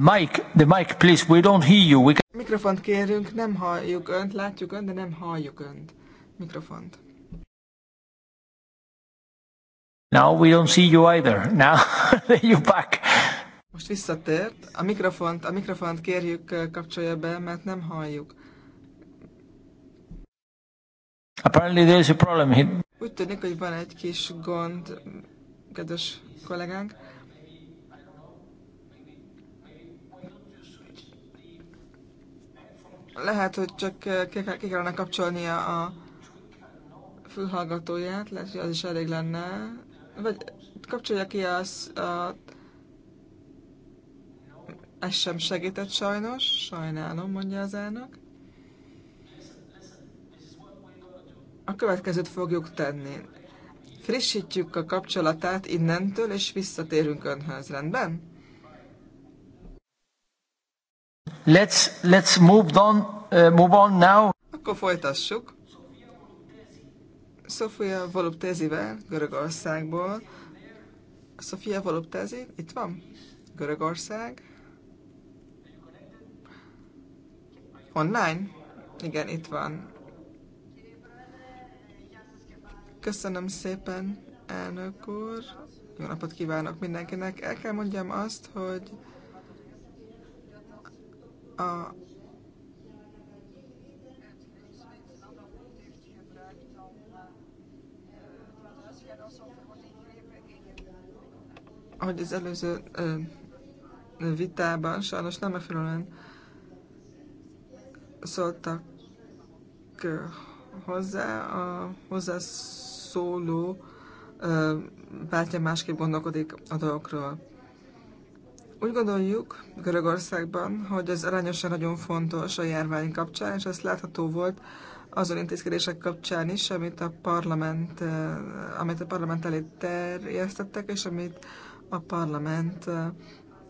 Mike, the mic, please, we don't hear you. We can... Mikrofont kérünk, nem halljuk önt, látjuk önt, de nem halljuk önt. Mikrofont. Now we don't see you either. Now you back. Most visszatért. A mikrofont, a mikrofont kérjük kapcsolja be, mert nem halljuk. Apparently there is a problem. He... Úgy tűnik, hogy van egy kis gond, kedves kollégánk. Lehet, hogy csak ki kellene kapcsolnia a fülhallgatóját, lehet, hogy az is elég lenne vagy kapcsolja ki az, a, ez sem segített sajnos, sajnálom, mondja az elnök. A következőt fogjuk tenni. Frissítjük a kapcsolatát innentől, és visszatérünk önhöz, rendben? Let's, let's move on, uh, move on now. Akkor folytassuk. Sofia Voluptézivel, Görögországból. Sofia Voluptézi, itt van? Görögország. Online? Igen, itt van. Köszönöm szépen, elnök úr. Jó napot kívánok mindenkinek. El kell mondjam azt, hogy a ahogy az előző ö, vitában sajnos nem megfelelően szóltak hozzá, a hozzászóló bátyja másképp gondolkodik a dolgokról. Úgy gondoljuk Görögországban, hogy ez arányosan nagyon fontos a járvány kapcsán, és ez látható volt azon intézkedések kapcsán is, amit a parlament, amit a parlament elé terjesztettek, és amit a parlament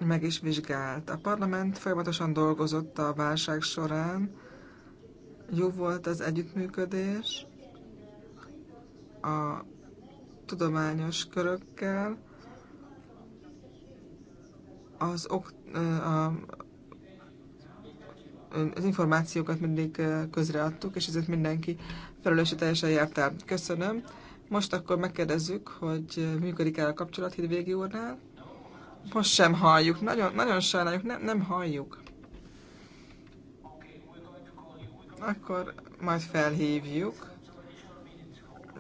meg is vizsgált. A parlament folyamatosan dolgozott a válság során, jó volt az együttműködés a tudományos körökkel, az, ok, a, az információkat mindig közreadtuk, és ezért mindenki felelősségteljesen járt el. Köszönöm. Most akkor megkérdezzük, hogy működik el a kapcsolat Hidvégi úrnál. Most sem halljuk. Nagyon, nagyon sajnáljuk, nem, nem halljuk. Akkor majd felhívjuk.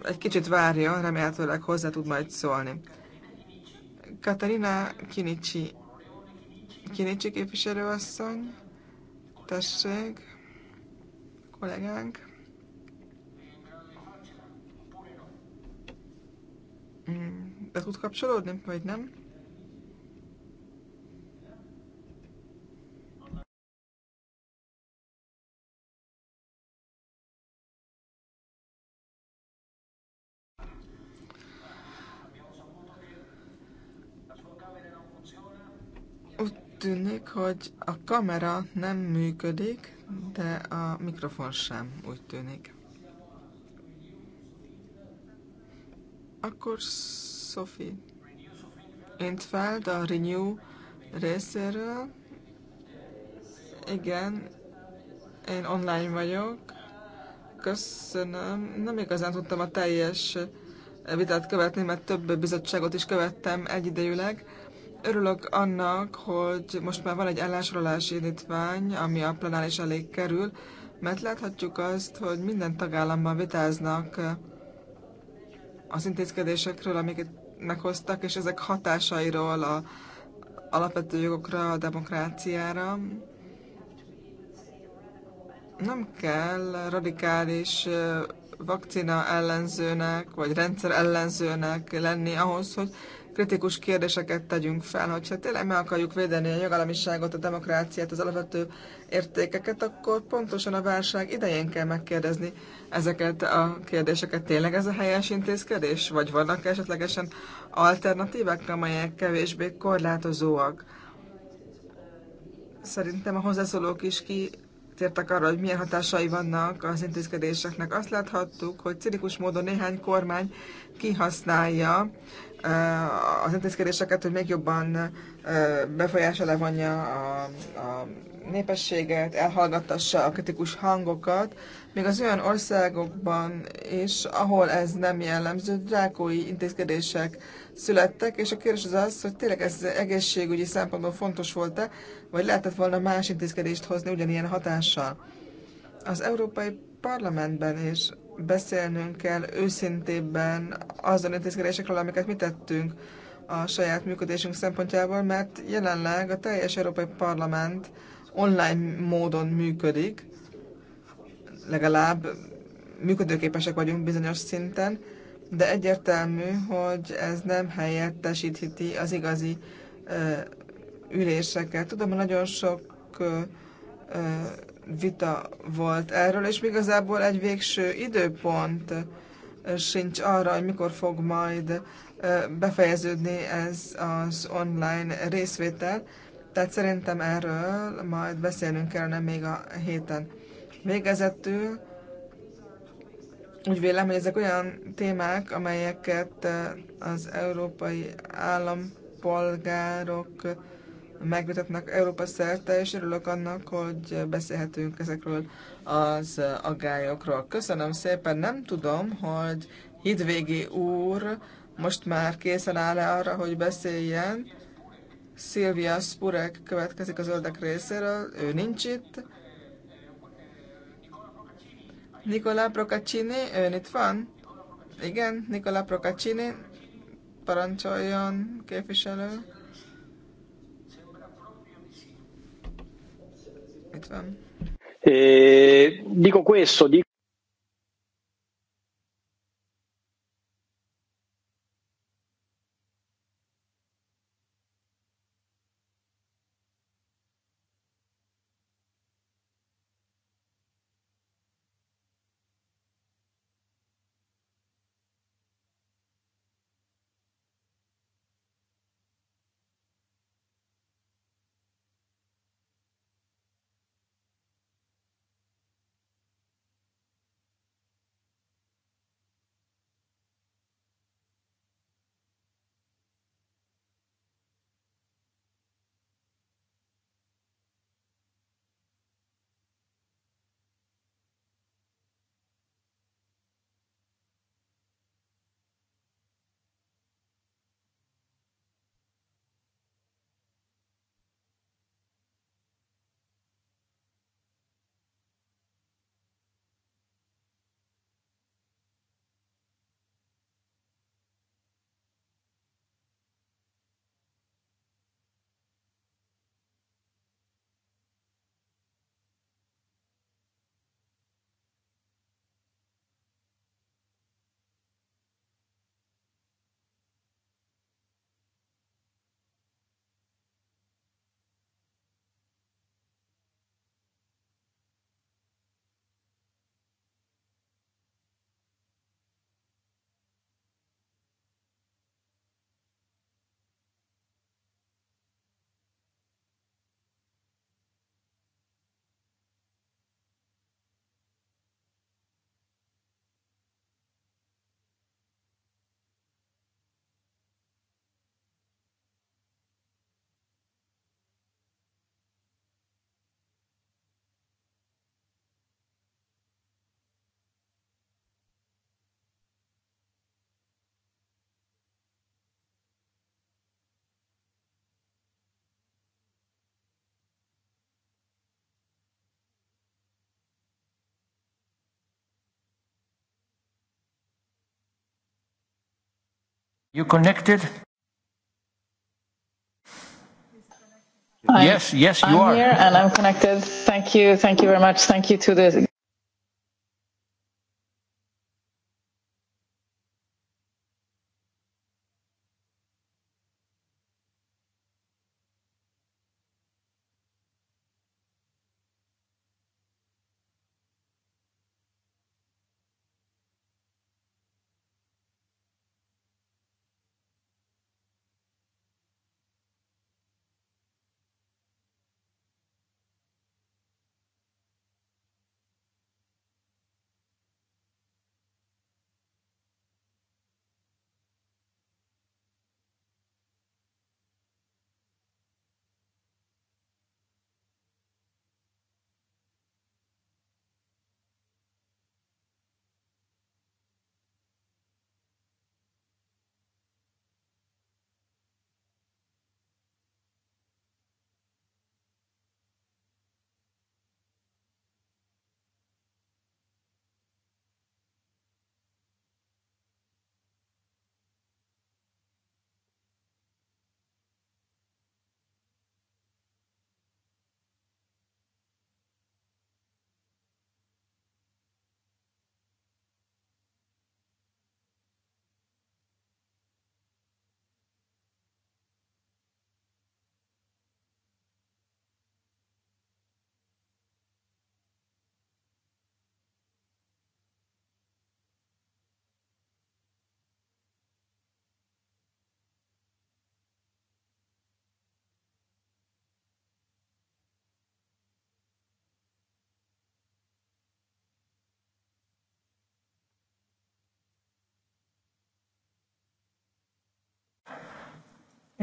Egy kicsit várja, remélhetőleg hozzá tud majd szólni. Katarina Kinicsi. Kinicsi képviselőasszony. Tessék, kollégánk. Mm, be tud kapcsolódni, vagy nem? tűnik, hogy a kamera nem működik, de a mikrofon sem úgy tűnik. Akkor Sophie én Intfeld a Renew részéről. Igen, én online vagyok. Köszönöm. Nem igazán tudtam a teljes vitát követni, mert több bizottságot is követtem egyidejűleg. Örülök annak, hogy most már van egy állásrólási indítvány, ami a plenáris elég kerül, mert láthatjuk azt, hogy minden tagállamban vitáznak az intézkedésekről, amiket meghoztak, és ezek hatásairól a alapvető jogokra, a demokráciára. Nem kell radikális vakcina ellenzőnek, vagy rendszer ellenzőnek lenni ahhoz, hogy kritikus kérdéseket tegyünk fel. Hogyha tényleg meg akarjuk védeni a jogállamiságot, a demokráciát, az alapvető értékeket, akkor pontosan a válság idején kell megkérdezni ezeket a kérdéseket. Tényleg ez a helyes intézkedés? Vagy vannak esetlegesen alternatívák, amelyek kevésbé korlátozóak? Szerintem a hozzászólók is ki tértek arra, hogy milyen hatásai vannak az intézkedéseknek. Azt láthattuk, hogy cinikus módon néhány kormány kihasználja az intézkedéseket, hogy még jobban befolyása levonja a, a népességet, elhallgattassa a kritikus hangokat, még az olyan országokban is, ahol ez nem jellemző, drákói intézkedések születtek, és a kérdés az az, hogy tényleg ez egészségügyi szempontból fontos volt-e, vagy lehetett volna más intézkedést hozni ugyanilyen hatással. Az Európai Parlamentben is beszélnünk kell őszintébben azon intézkedésekről, amiket mi tettünk a saját működésünk szempontjából, mert jelenleg a teljes Európai Parlament online módon működik, legalább működőképesek vagyunk bizonyos szinten, de egyértelmű, hogy ez nem helyettesítheti az igazi ö, üléseket. Tudom, hogy nagyon sok ö, ö, vita volt erről, és igazából egy végső időpont sincs arra, hogy mikor fog majd befejeződni ez az online részvétel, tehát szerintem erről majd beszélnünk kellene még a héten. Végezetül úgy vélem, hogy ezek olyan témák, amelyeket az európai állampolgárok megvitatnak Európa szerte, és örülök annak, hogy beszélhetünk ezekről az aggályokról. Köszönöm szépen, nem tudom, hogy Hidvégi úr most már készen áll-e arra, hogy beszéljen. Szilvia Spurek következik az öldek részéről, ő nincs itt. Nikola Procaccini, ön itt van? Igen, Nikola Procaccini, parancsoljon képviselő. Itt van. Eh, dico questo, dico... You connected? I'm, yes, yes, you I'm are. Here and I'm connected. Thank you. Thank you very much. Thank you to the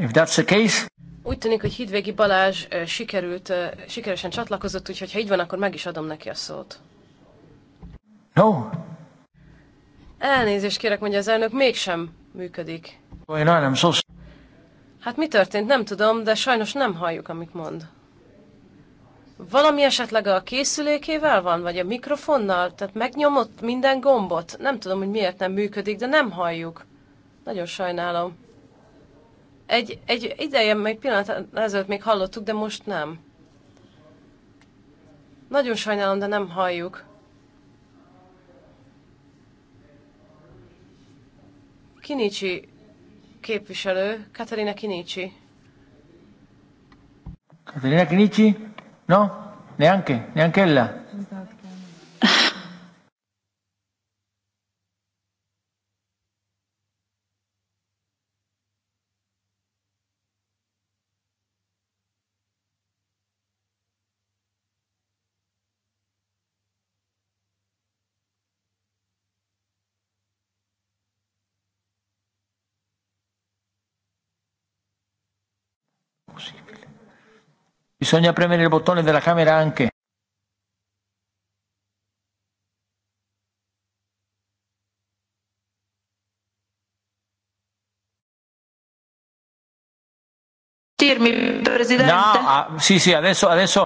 If that's the case... Úgy tűnik, hogy Hidvégi Balázs sikerült, sikeresen csatlakozott, úgyhogy ha így van, akkor meg is adom neki a szót. No. Elnézést kérek, mondja az elnök, mégsem működik. Hát mi történt, nem tudom, de sajnos nem halljuk, amit mond. Valami esetleg a készülékével van, vagy a mikrofonnal? Tehát megnyomott minden gombot? Nem tudom, hogy miért nem működik, de nem halljuk. Nagyon sajnálom. Egy, egy ideje, még pillanat ezelőtt még hallottuk, de most nem. Nagyon sajnálom, de nem halljuk. Kinicsi képviselő, Katarina Kinicsi. Katarina Kinicsi? No, neanke neanke ella. Bisogna premere il bottone della camera anche. Dirmi, Presidente. No, ah, sì, sì, adesso, adesso...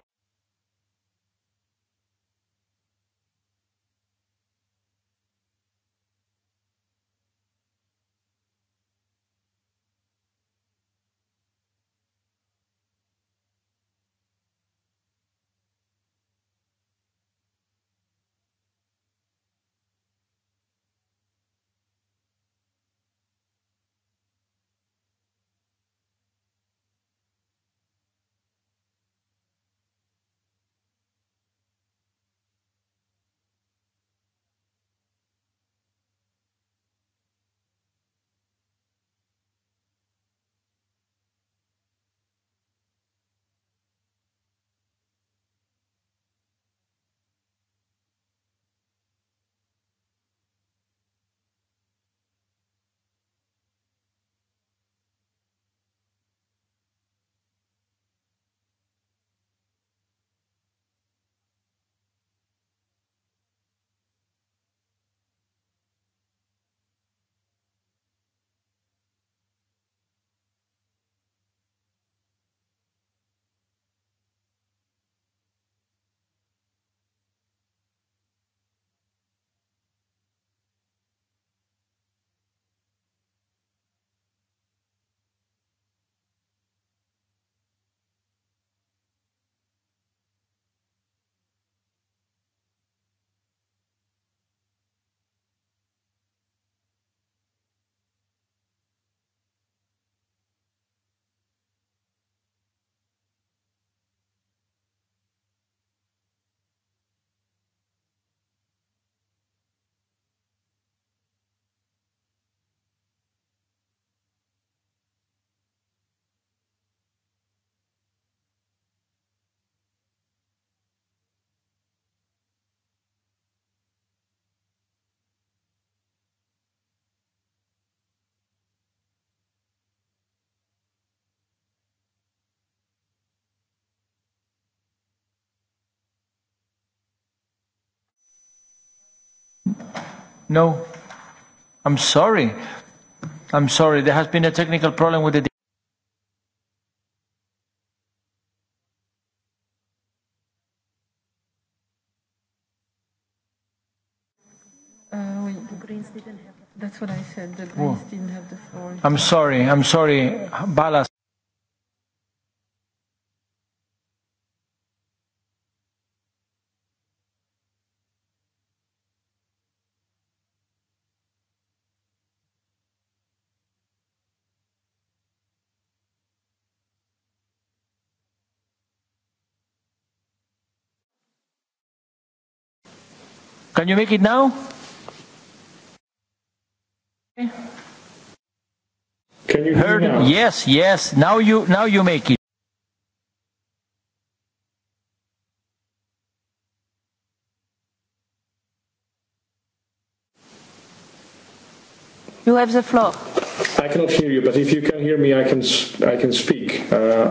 No. I'm sorry. I'm sorry. There has been a technical problem with the. Uh, the Greens didn't have. That's what I said. The Greens didn't have the floor. I'm sorry. I'm sorry. Balas. Can you make it now? Can you hear Me now? Yes, yes. Now you now you make it. You have the floor. I cannot hear you, but if you can hear me, I can I can speak. Uh,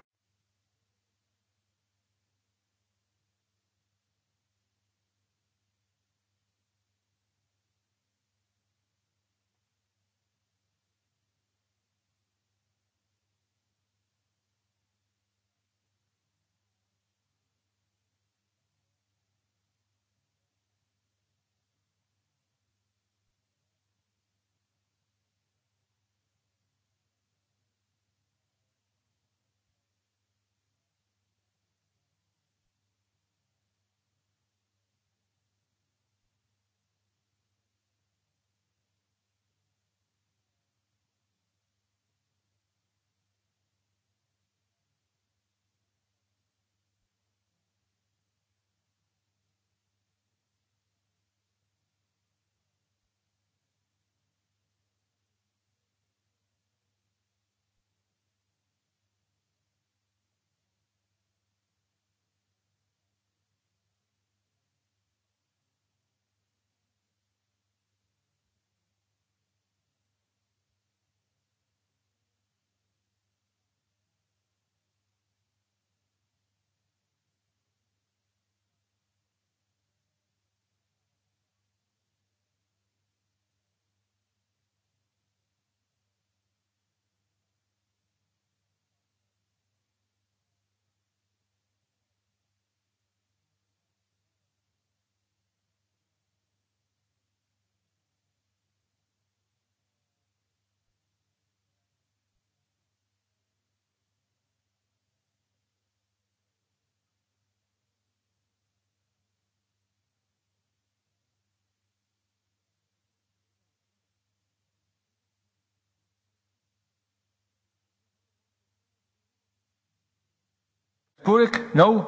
Burek? No?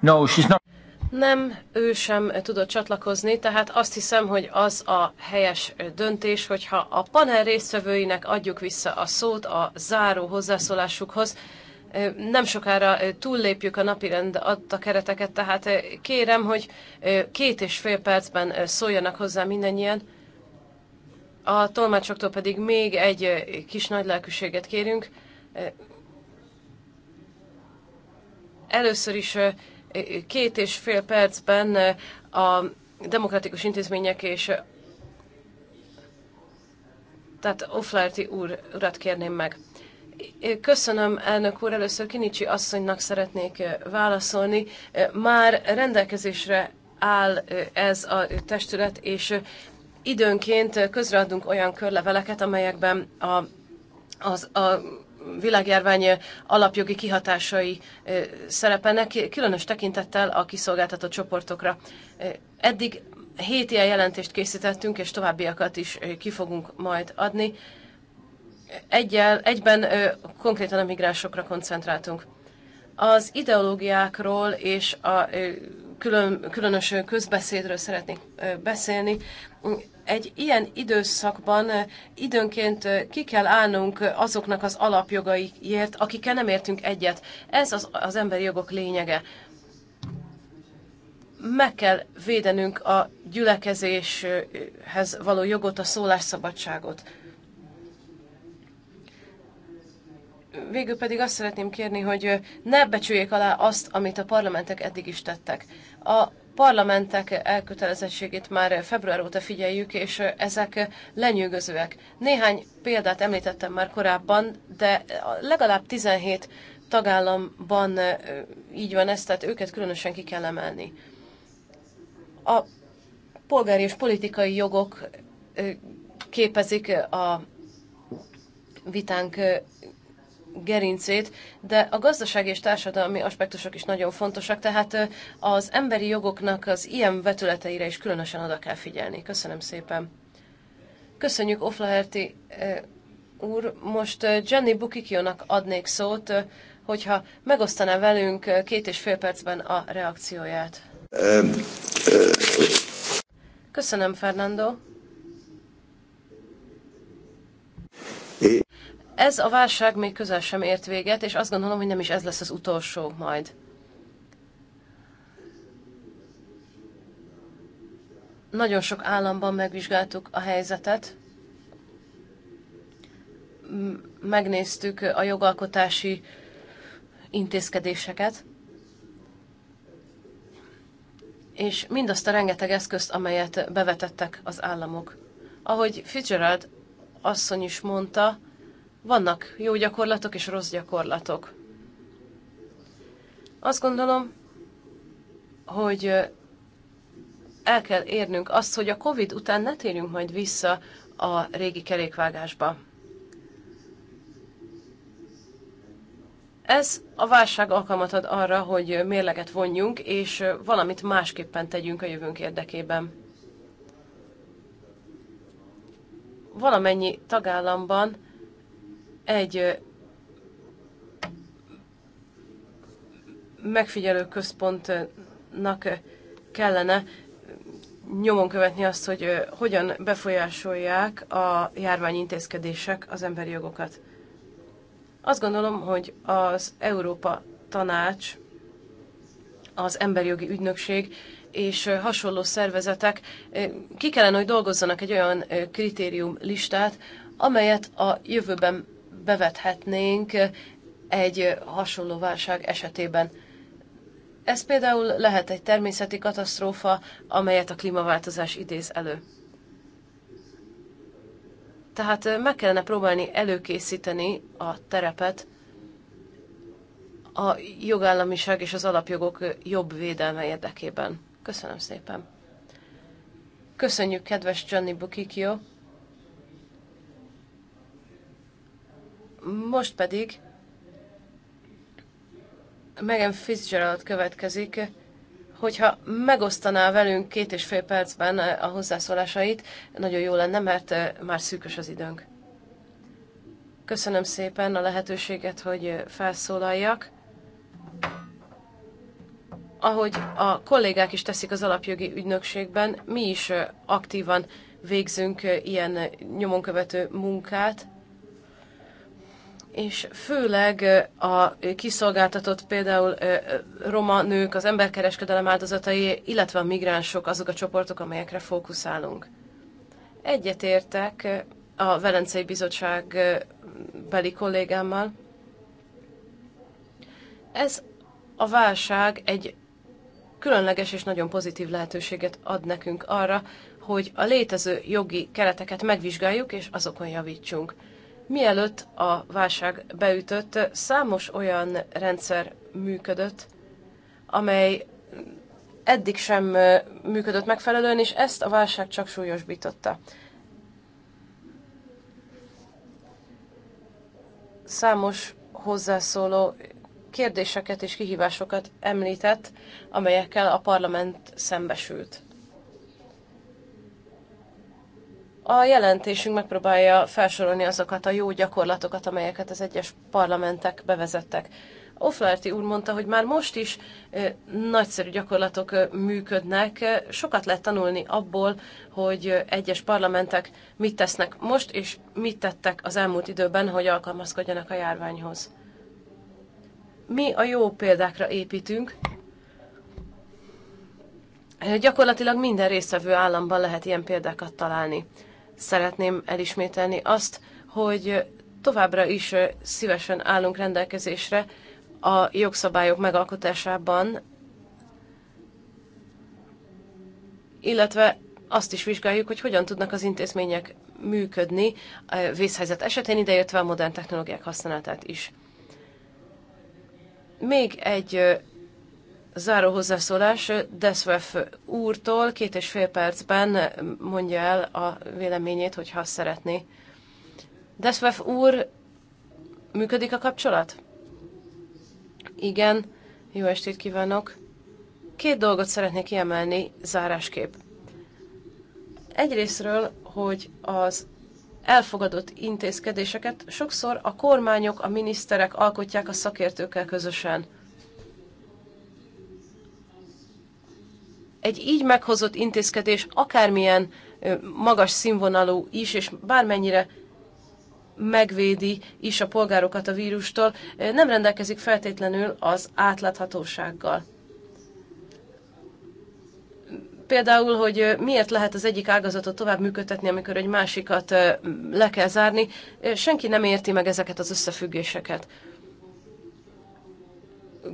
No, she's not. Nem, ő sem tudott csatlakozni, tehát azt hiszem, hogy az a helyes döntés, hogyha a panel résztvevőinek adjuk vissza a szót a záró hozzászólásukhoz. Nem sokára túllépjük a napirend adta kereteket, tehát kérem, hogy két és fél percben szóljanak hozzá mindannyian. A tolmácsoktól pedig még egy kis nagylelkűséget kérünk. Először is két és fél percben a demokratikus intézmények és tehát Offlaherty úr, urat kérném meg. Köszönöm, elnök úr, először Kinicsi asszonynak szeretnék válaszolni. Már rendelkezésre áll ez a testület, és időnként közreadunk olyan körleveleket, amelyekben a, az, a világjárvány alapjogi kihatásai szerepelnek, különös tekintettel a kiszolgáltatott csoportokra. Eddig hét ilyen jelentést készítettünk, és továbbiakat is ki fogunk majd adni. Egyel, egyben konkrétan a migránsokra koncentráltunk. Az ideológiákról és a külön, különös közbeszédről szeretnék beszélni. Egy ilyen időszakban időnként ki kell állnunk azoknak az alapjogaiért, akikkel nem értünk egyet. Ez az, az emberi jogok lényege. Meg kell védenünk a gyülekezéshez való jogot, a szólásszabadságot. végül pedig azt szeretném kérni, hogy ne becsüljék alá azt, amit a parlamentek eddig is tettek. A parlamentek elkötelezettségét már február óta figyeljük, és ezek lenyűgözőek. Néhány példát említettem már korábban, de legalább 17 tagállamban így van ez, tehát őket különösen ki kell emelni. A polgári és politikai jogok képezik a vitánk gerincét, de a gazdasági és társadalmi aspektusok is nagyon fontosak, tehát az emberi jogoknak az ilyen vetületeire is különösen oda kell figyelni. Köszönöm szépen. Köszönjük Oflaherti úr. Most Jenny Bukikionak adnék szót, hogyha megosztaná velünk két és fél percben a reakcióját. Köszönöm, Fernando. Ez a válság még közel sem ért véget, és azt gondolom, hogy nem is ez lesz az utolsó majd. Nagyon sok államban megvizsgáltuk a helyzetet, megnéztük a jogalkotási intézkedéseket, és mindazt a rengeteg eszközt, amelyet bevetettek az államok. Ahogy Fitzgerald asszony is mondta, vannak jó gyakorlatok és rossz gyakorlatok. Azt gondolom, hogy el kell érnünk azt, hogy a COVID után ne térjünk majd vissza a régi kerékvágásba. Ez a válság alkalmat ad arra, hogy mérleget vonjunk, és valamit másképpen tegyünk a jövőnk érdekében. Valamennyi tagállamban egy megfigyelő központnak kellene nyomon követni azt, hogy hogyan befolyásolják a járványintézkedések az emberi jogokat. Azt gondolom, hogy az Európa Tanács, az Emberi Jogi Ügynökség és hasonló szervezetek ki kellene, hogy dolgozzanak egy olyan kritérium listát, amelyet a jövőben bevethetnénk egy hasonló válság esetében. Ez például lehet egy természeti katasztrófa, amelyet a klímaváltozás idéz elő. Tehát meg kellene próbálni előkészíteni a terepet a jogállamiság és az alapjogok jobb védelme érdekében. Köszönöm szépen. Köszönjük, kedves Gianni Bukikio. Most pedig Megan Fitzgerald következik, hogyha megosztaná velünk két és fél percben a hozzászólásait, nagyon jó lenne, mert eh, már szűkös az időnk. Köszönöm szépen a lehetőséget, hogy eh, felszólaljak. Ahogy a kollégák is teszik az alapjogi ügynökségben, mi is eh, aktívan végzünk ilyen nyomonkövető munkát, és főleg a kiszolgáltatott például roma nők, az emberkereskedelem áldozatai, illetve a migránsok azok a csoportok, amelyekre fókuszálunk. Egyetértek a Velencei Bizottság beli kollégámmal. Ez a válság egy különleges és nagyon pozitív lehetőséget ad nekünk arra, hogy a létező jogi kereteket megvizsgáljuk és azokon javítsunk. Mielőtt a válság beütött, számos olyan rendszer működött, amely eddig sem működött megfelelően, és ezt a válság csak súlyosbította. Számos hozzászóló kérdéseket és kihívásokat említett, amelyekkel a parlament szembesült. A jelentésünk megpróbálja felsorolni azokat a jó gyakorlatokat, amelyeket az egyes parlamentek bevezettek. Oflaherty úr mondta, hogy már most is nagyszerű gyakorlatok működnek. Sokat lehet tanulni abból, hogy egyes parlamentek mit tesznek most, és mit tettek az elmúlt időben, hogy alkalmazkodjanak a járványhoz. Mi a jó példákra építünk. Gyakorlatilag minden résztvevő államban lehet ilyen példákat találni szeretném elismételni azt, hogy továbbra is szívesen állunk rendelkezésre a jogszabályok megalkotásában, illetve azt is vizsgáljuk, hogy hogyan tudnak az intézmények működni a vészhelyzet esetén, ideértve a modern technológiák használatát is. Még egy záró hozzászólás Deswef úrtól két és fél percben mondja el a véleményét, hogyha szeretné. Deswef úr, működik a kapcsolat? Igen, jó estét kívánok. Két dolgot szeretnék kiemelni zárásképp. Egyrésztről, hogy az elfogadott intézkedéseket sokszor a kormányok, a miniszterek alkotják a szakértőkkel közösen – egy így meghozott intézkedés akármilyen magas színvonalú is, és bármennyire megvédi is a polgárokat a vírustól, nem rendelkezik feltétlenül az átláthatósággal. Például, hogy miért lehet az egyik ágazatot tovább működtetni, amikor egy másikat le kell zárni, senki nem érti meg ezeket az összefüggéseket.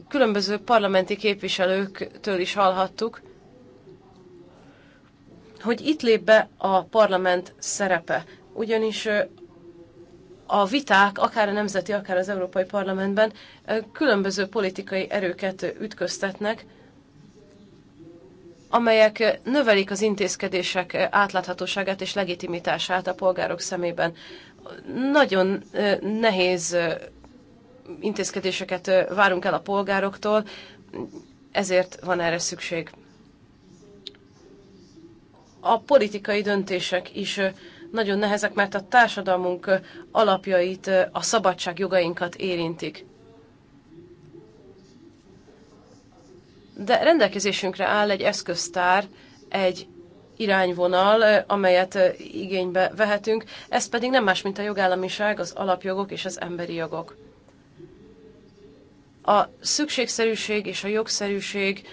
Különböző parlamenti képviselőktől is hallhattuk, hogy itt lép be a parlament szerepe. Ugyanis a viták, akár a nemzeti, akár az Európai Parlamentben különböző politikai erőket ütköztetnek, amelyek növelik az intézkedések átláthatóságát és legitimitását a polgárok szemében. Nagyon nehéz intézkedéseket várunk el a polgároktól, ezért van erre szükség a politikai döntések is nagyon nehezek, mert a társadalmunk alapjait, a szabadság jogainkat érintik. De rendelkezésünkre áll egy eszköztár, egy irányvonal, amelyet igénybe vehetünk, ez pedig nem más, mint a jogállamiság, az alapjogok és az emberi jogok. A szükségszerűség és a jogszerűség,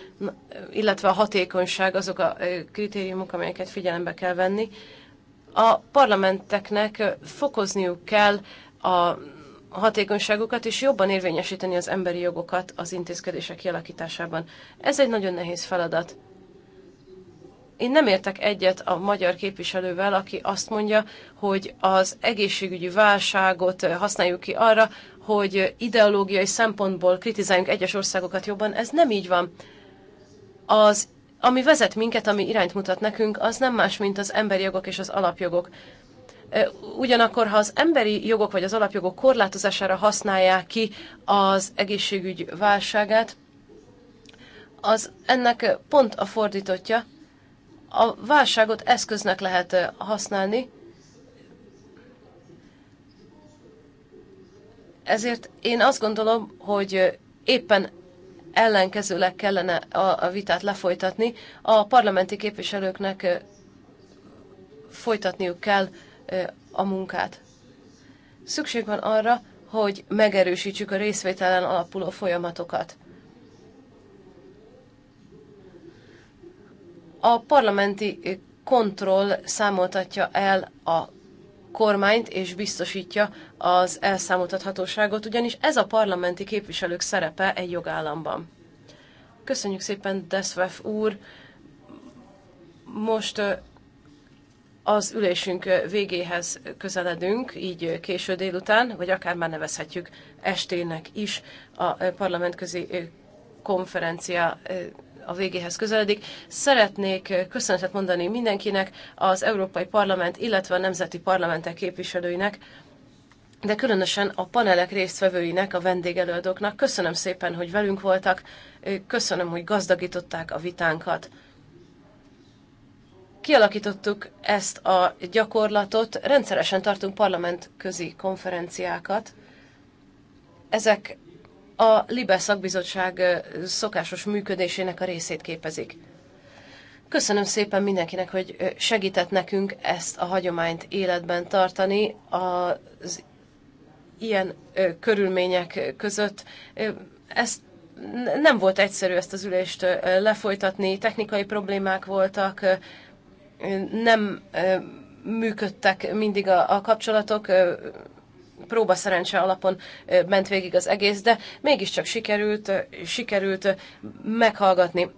illetve a hatékonyság azok a kritériumok, amelyeket figyelembe kell venni. A parlamenteknek fokozniuk kell a hatékonyságukat és jobban érvényesíteni az emberi jogokat az intézkedések kialakításában. Ez egy nagyon nehéz feladat. Én nem értek egyet a magyar képviselővel, aki azt mondja, hogy az egészségügyi válságot használjuk ki arra, hogy ideológiai szempontból kritizáljunk egyes országokat jobban, ez nem így van. Az, ami vezet minket, ami irányt mutat nekünk, az nem más, mint az emberi jogok és az alapjogok. Ugyanakkor, ha az emberi jogok vagy az alapjogok korlátozására használják ki az egészségügy válságát, az ennek pont a fordítotja. A válságot eszköznek lehet használni, Ezért én azt gondolom, hogy éppen ellenkezőleg kellene a, a vitát lefolytatni. A parlamenti képviselőknek folytatniuk kell a munkát. Szükség van arra, hogy megerősítsük a részvételen alapuló folyamatokat. A parlamenti kontroll számoltatja el a kormányt és biztosítja az elszámoltathatóságot, ugyanis ez a parlamenti képviselők szerepe egy jogállamban. Köszönjük szépen, Deszvef úr! Most az ülésünk végéhez közeledünk, így késő délután, vagy akár már nevezhetjük estének is a parlamentközi konferencia a végéhez közeledik. Szeretnék köszönetet mondani mindenkinek, az Európai Parlament, illetve a nemzeti parlamentek képviselőinek, de különösen a panelek résztvevőinek, a vendégelőadóknak. Köszönöm szépen, hogy velünk voltak, köszönöm, hogy gazdagították a vitánkat. Kialakítottuk ezt a gyakorlatot, rendszeresen tartunk parlament konferenciákat. Ezek a Libe szakbizottság szokásos működésének a részét képezik. Köszönöm szépen mindenkinek, hogy segített nekünk ezt a hagyományt életben tartani az ilyen körülmények között. Ezt nem volt egyszerű ezt az ülést lefolytatni, technikai problémák voltak, nem működtek mindig a, a kapcsolatok, próba szerencse alapon ment végig az egész, de mégiscsak sikerült, sikerült meghallgatni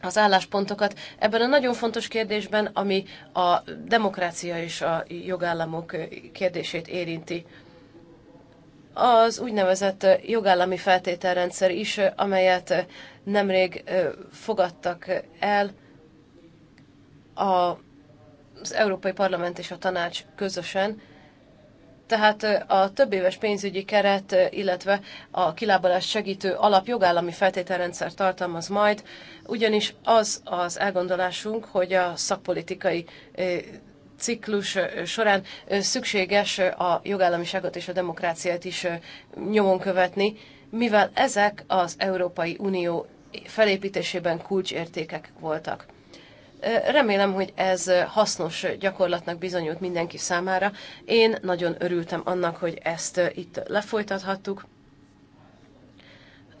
az álláspontokat ebben a nagyon fontos kérdésben, ami a demokrácia és a jogállamok kérdését érinti. Az úgynevezett jogállami feltételrendszer is, amelyet nemrég fogadtak el az Európai Parlament és a Tanács közösen, tehát a több éves pénzügyi keret, illetve a kilábalás segítő alap jogállami feltételrendszer tartalmaz majd, ugyanis az az elgondolásunk, hogy a szakpolitikai ciklus során szükséges a jogállamiságot és a demokráciát is nyomon követni, mivel ezek az Európai Unió felépítésében kulcsértékek voltak. Remélem, hogy ez hasznos gyakorlatnak bizonyult mindenki számára. Én nagyon örültem annak, hogy ezt itt lefolytathattuk,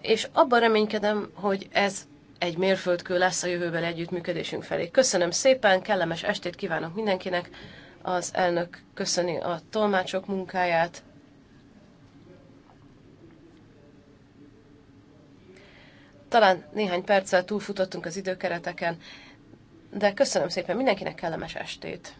és abban reménykedem, hogy ez egy mérföldkő lesz a jövőben együttműködésünk felé. Köszönöm szépen, kellemes estét kívánok mindenkinek, az elnök köszöni a tolmácsok munkáját. Talán néhány perccel túlfutottunk az időkereteken, de köszönöm szépen mindenkinek kellemes estét!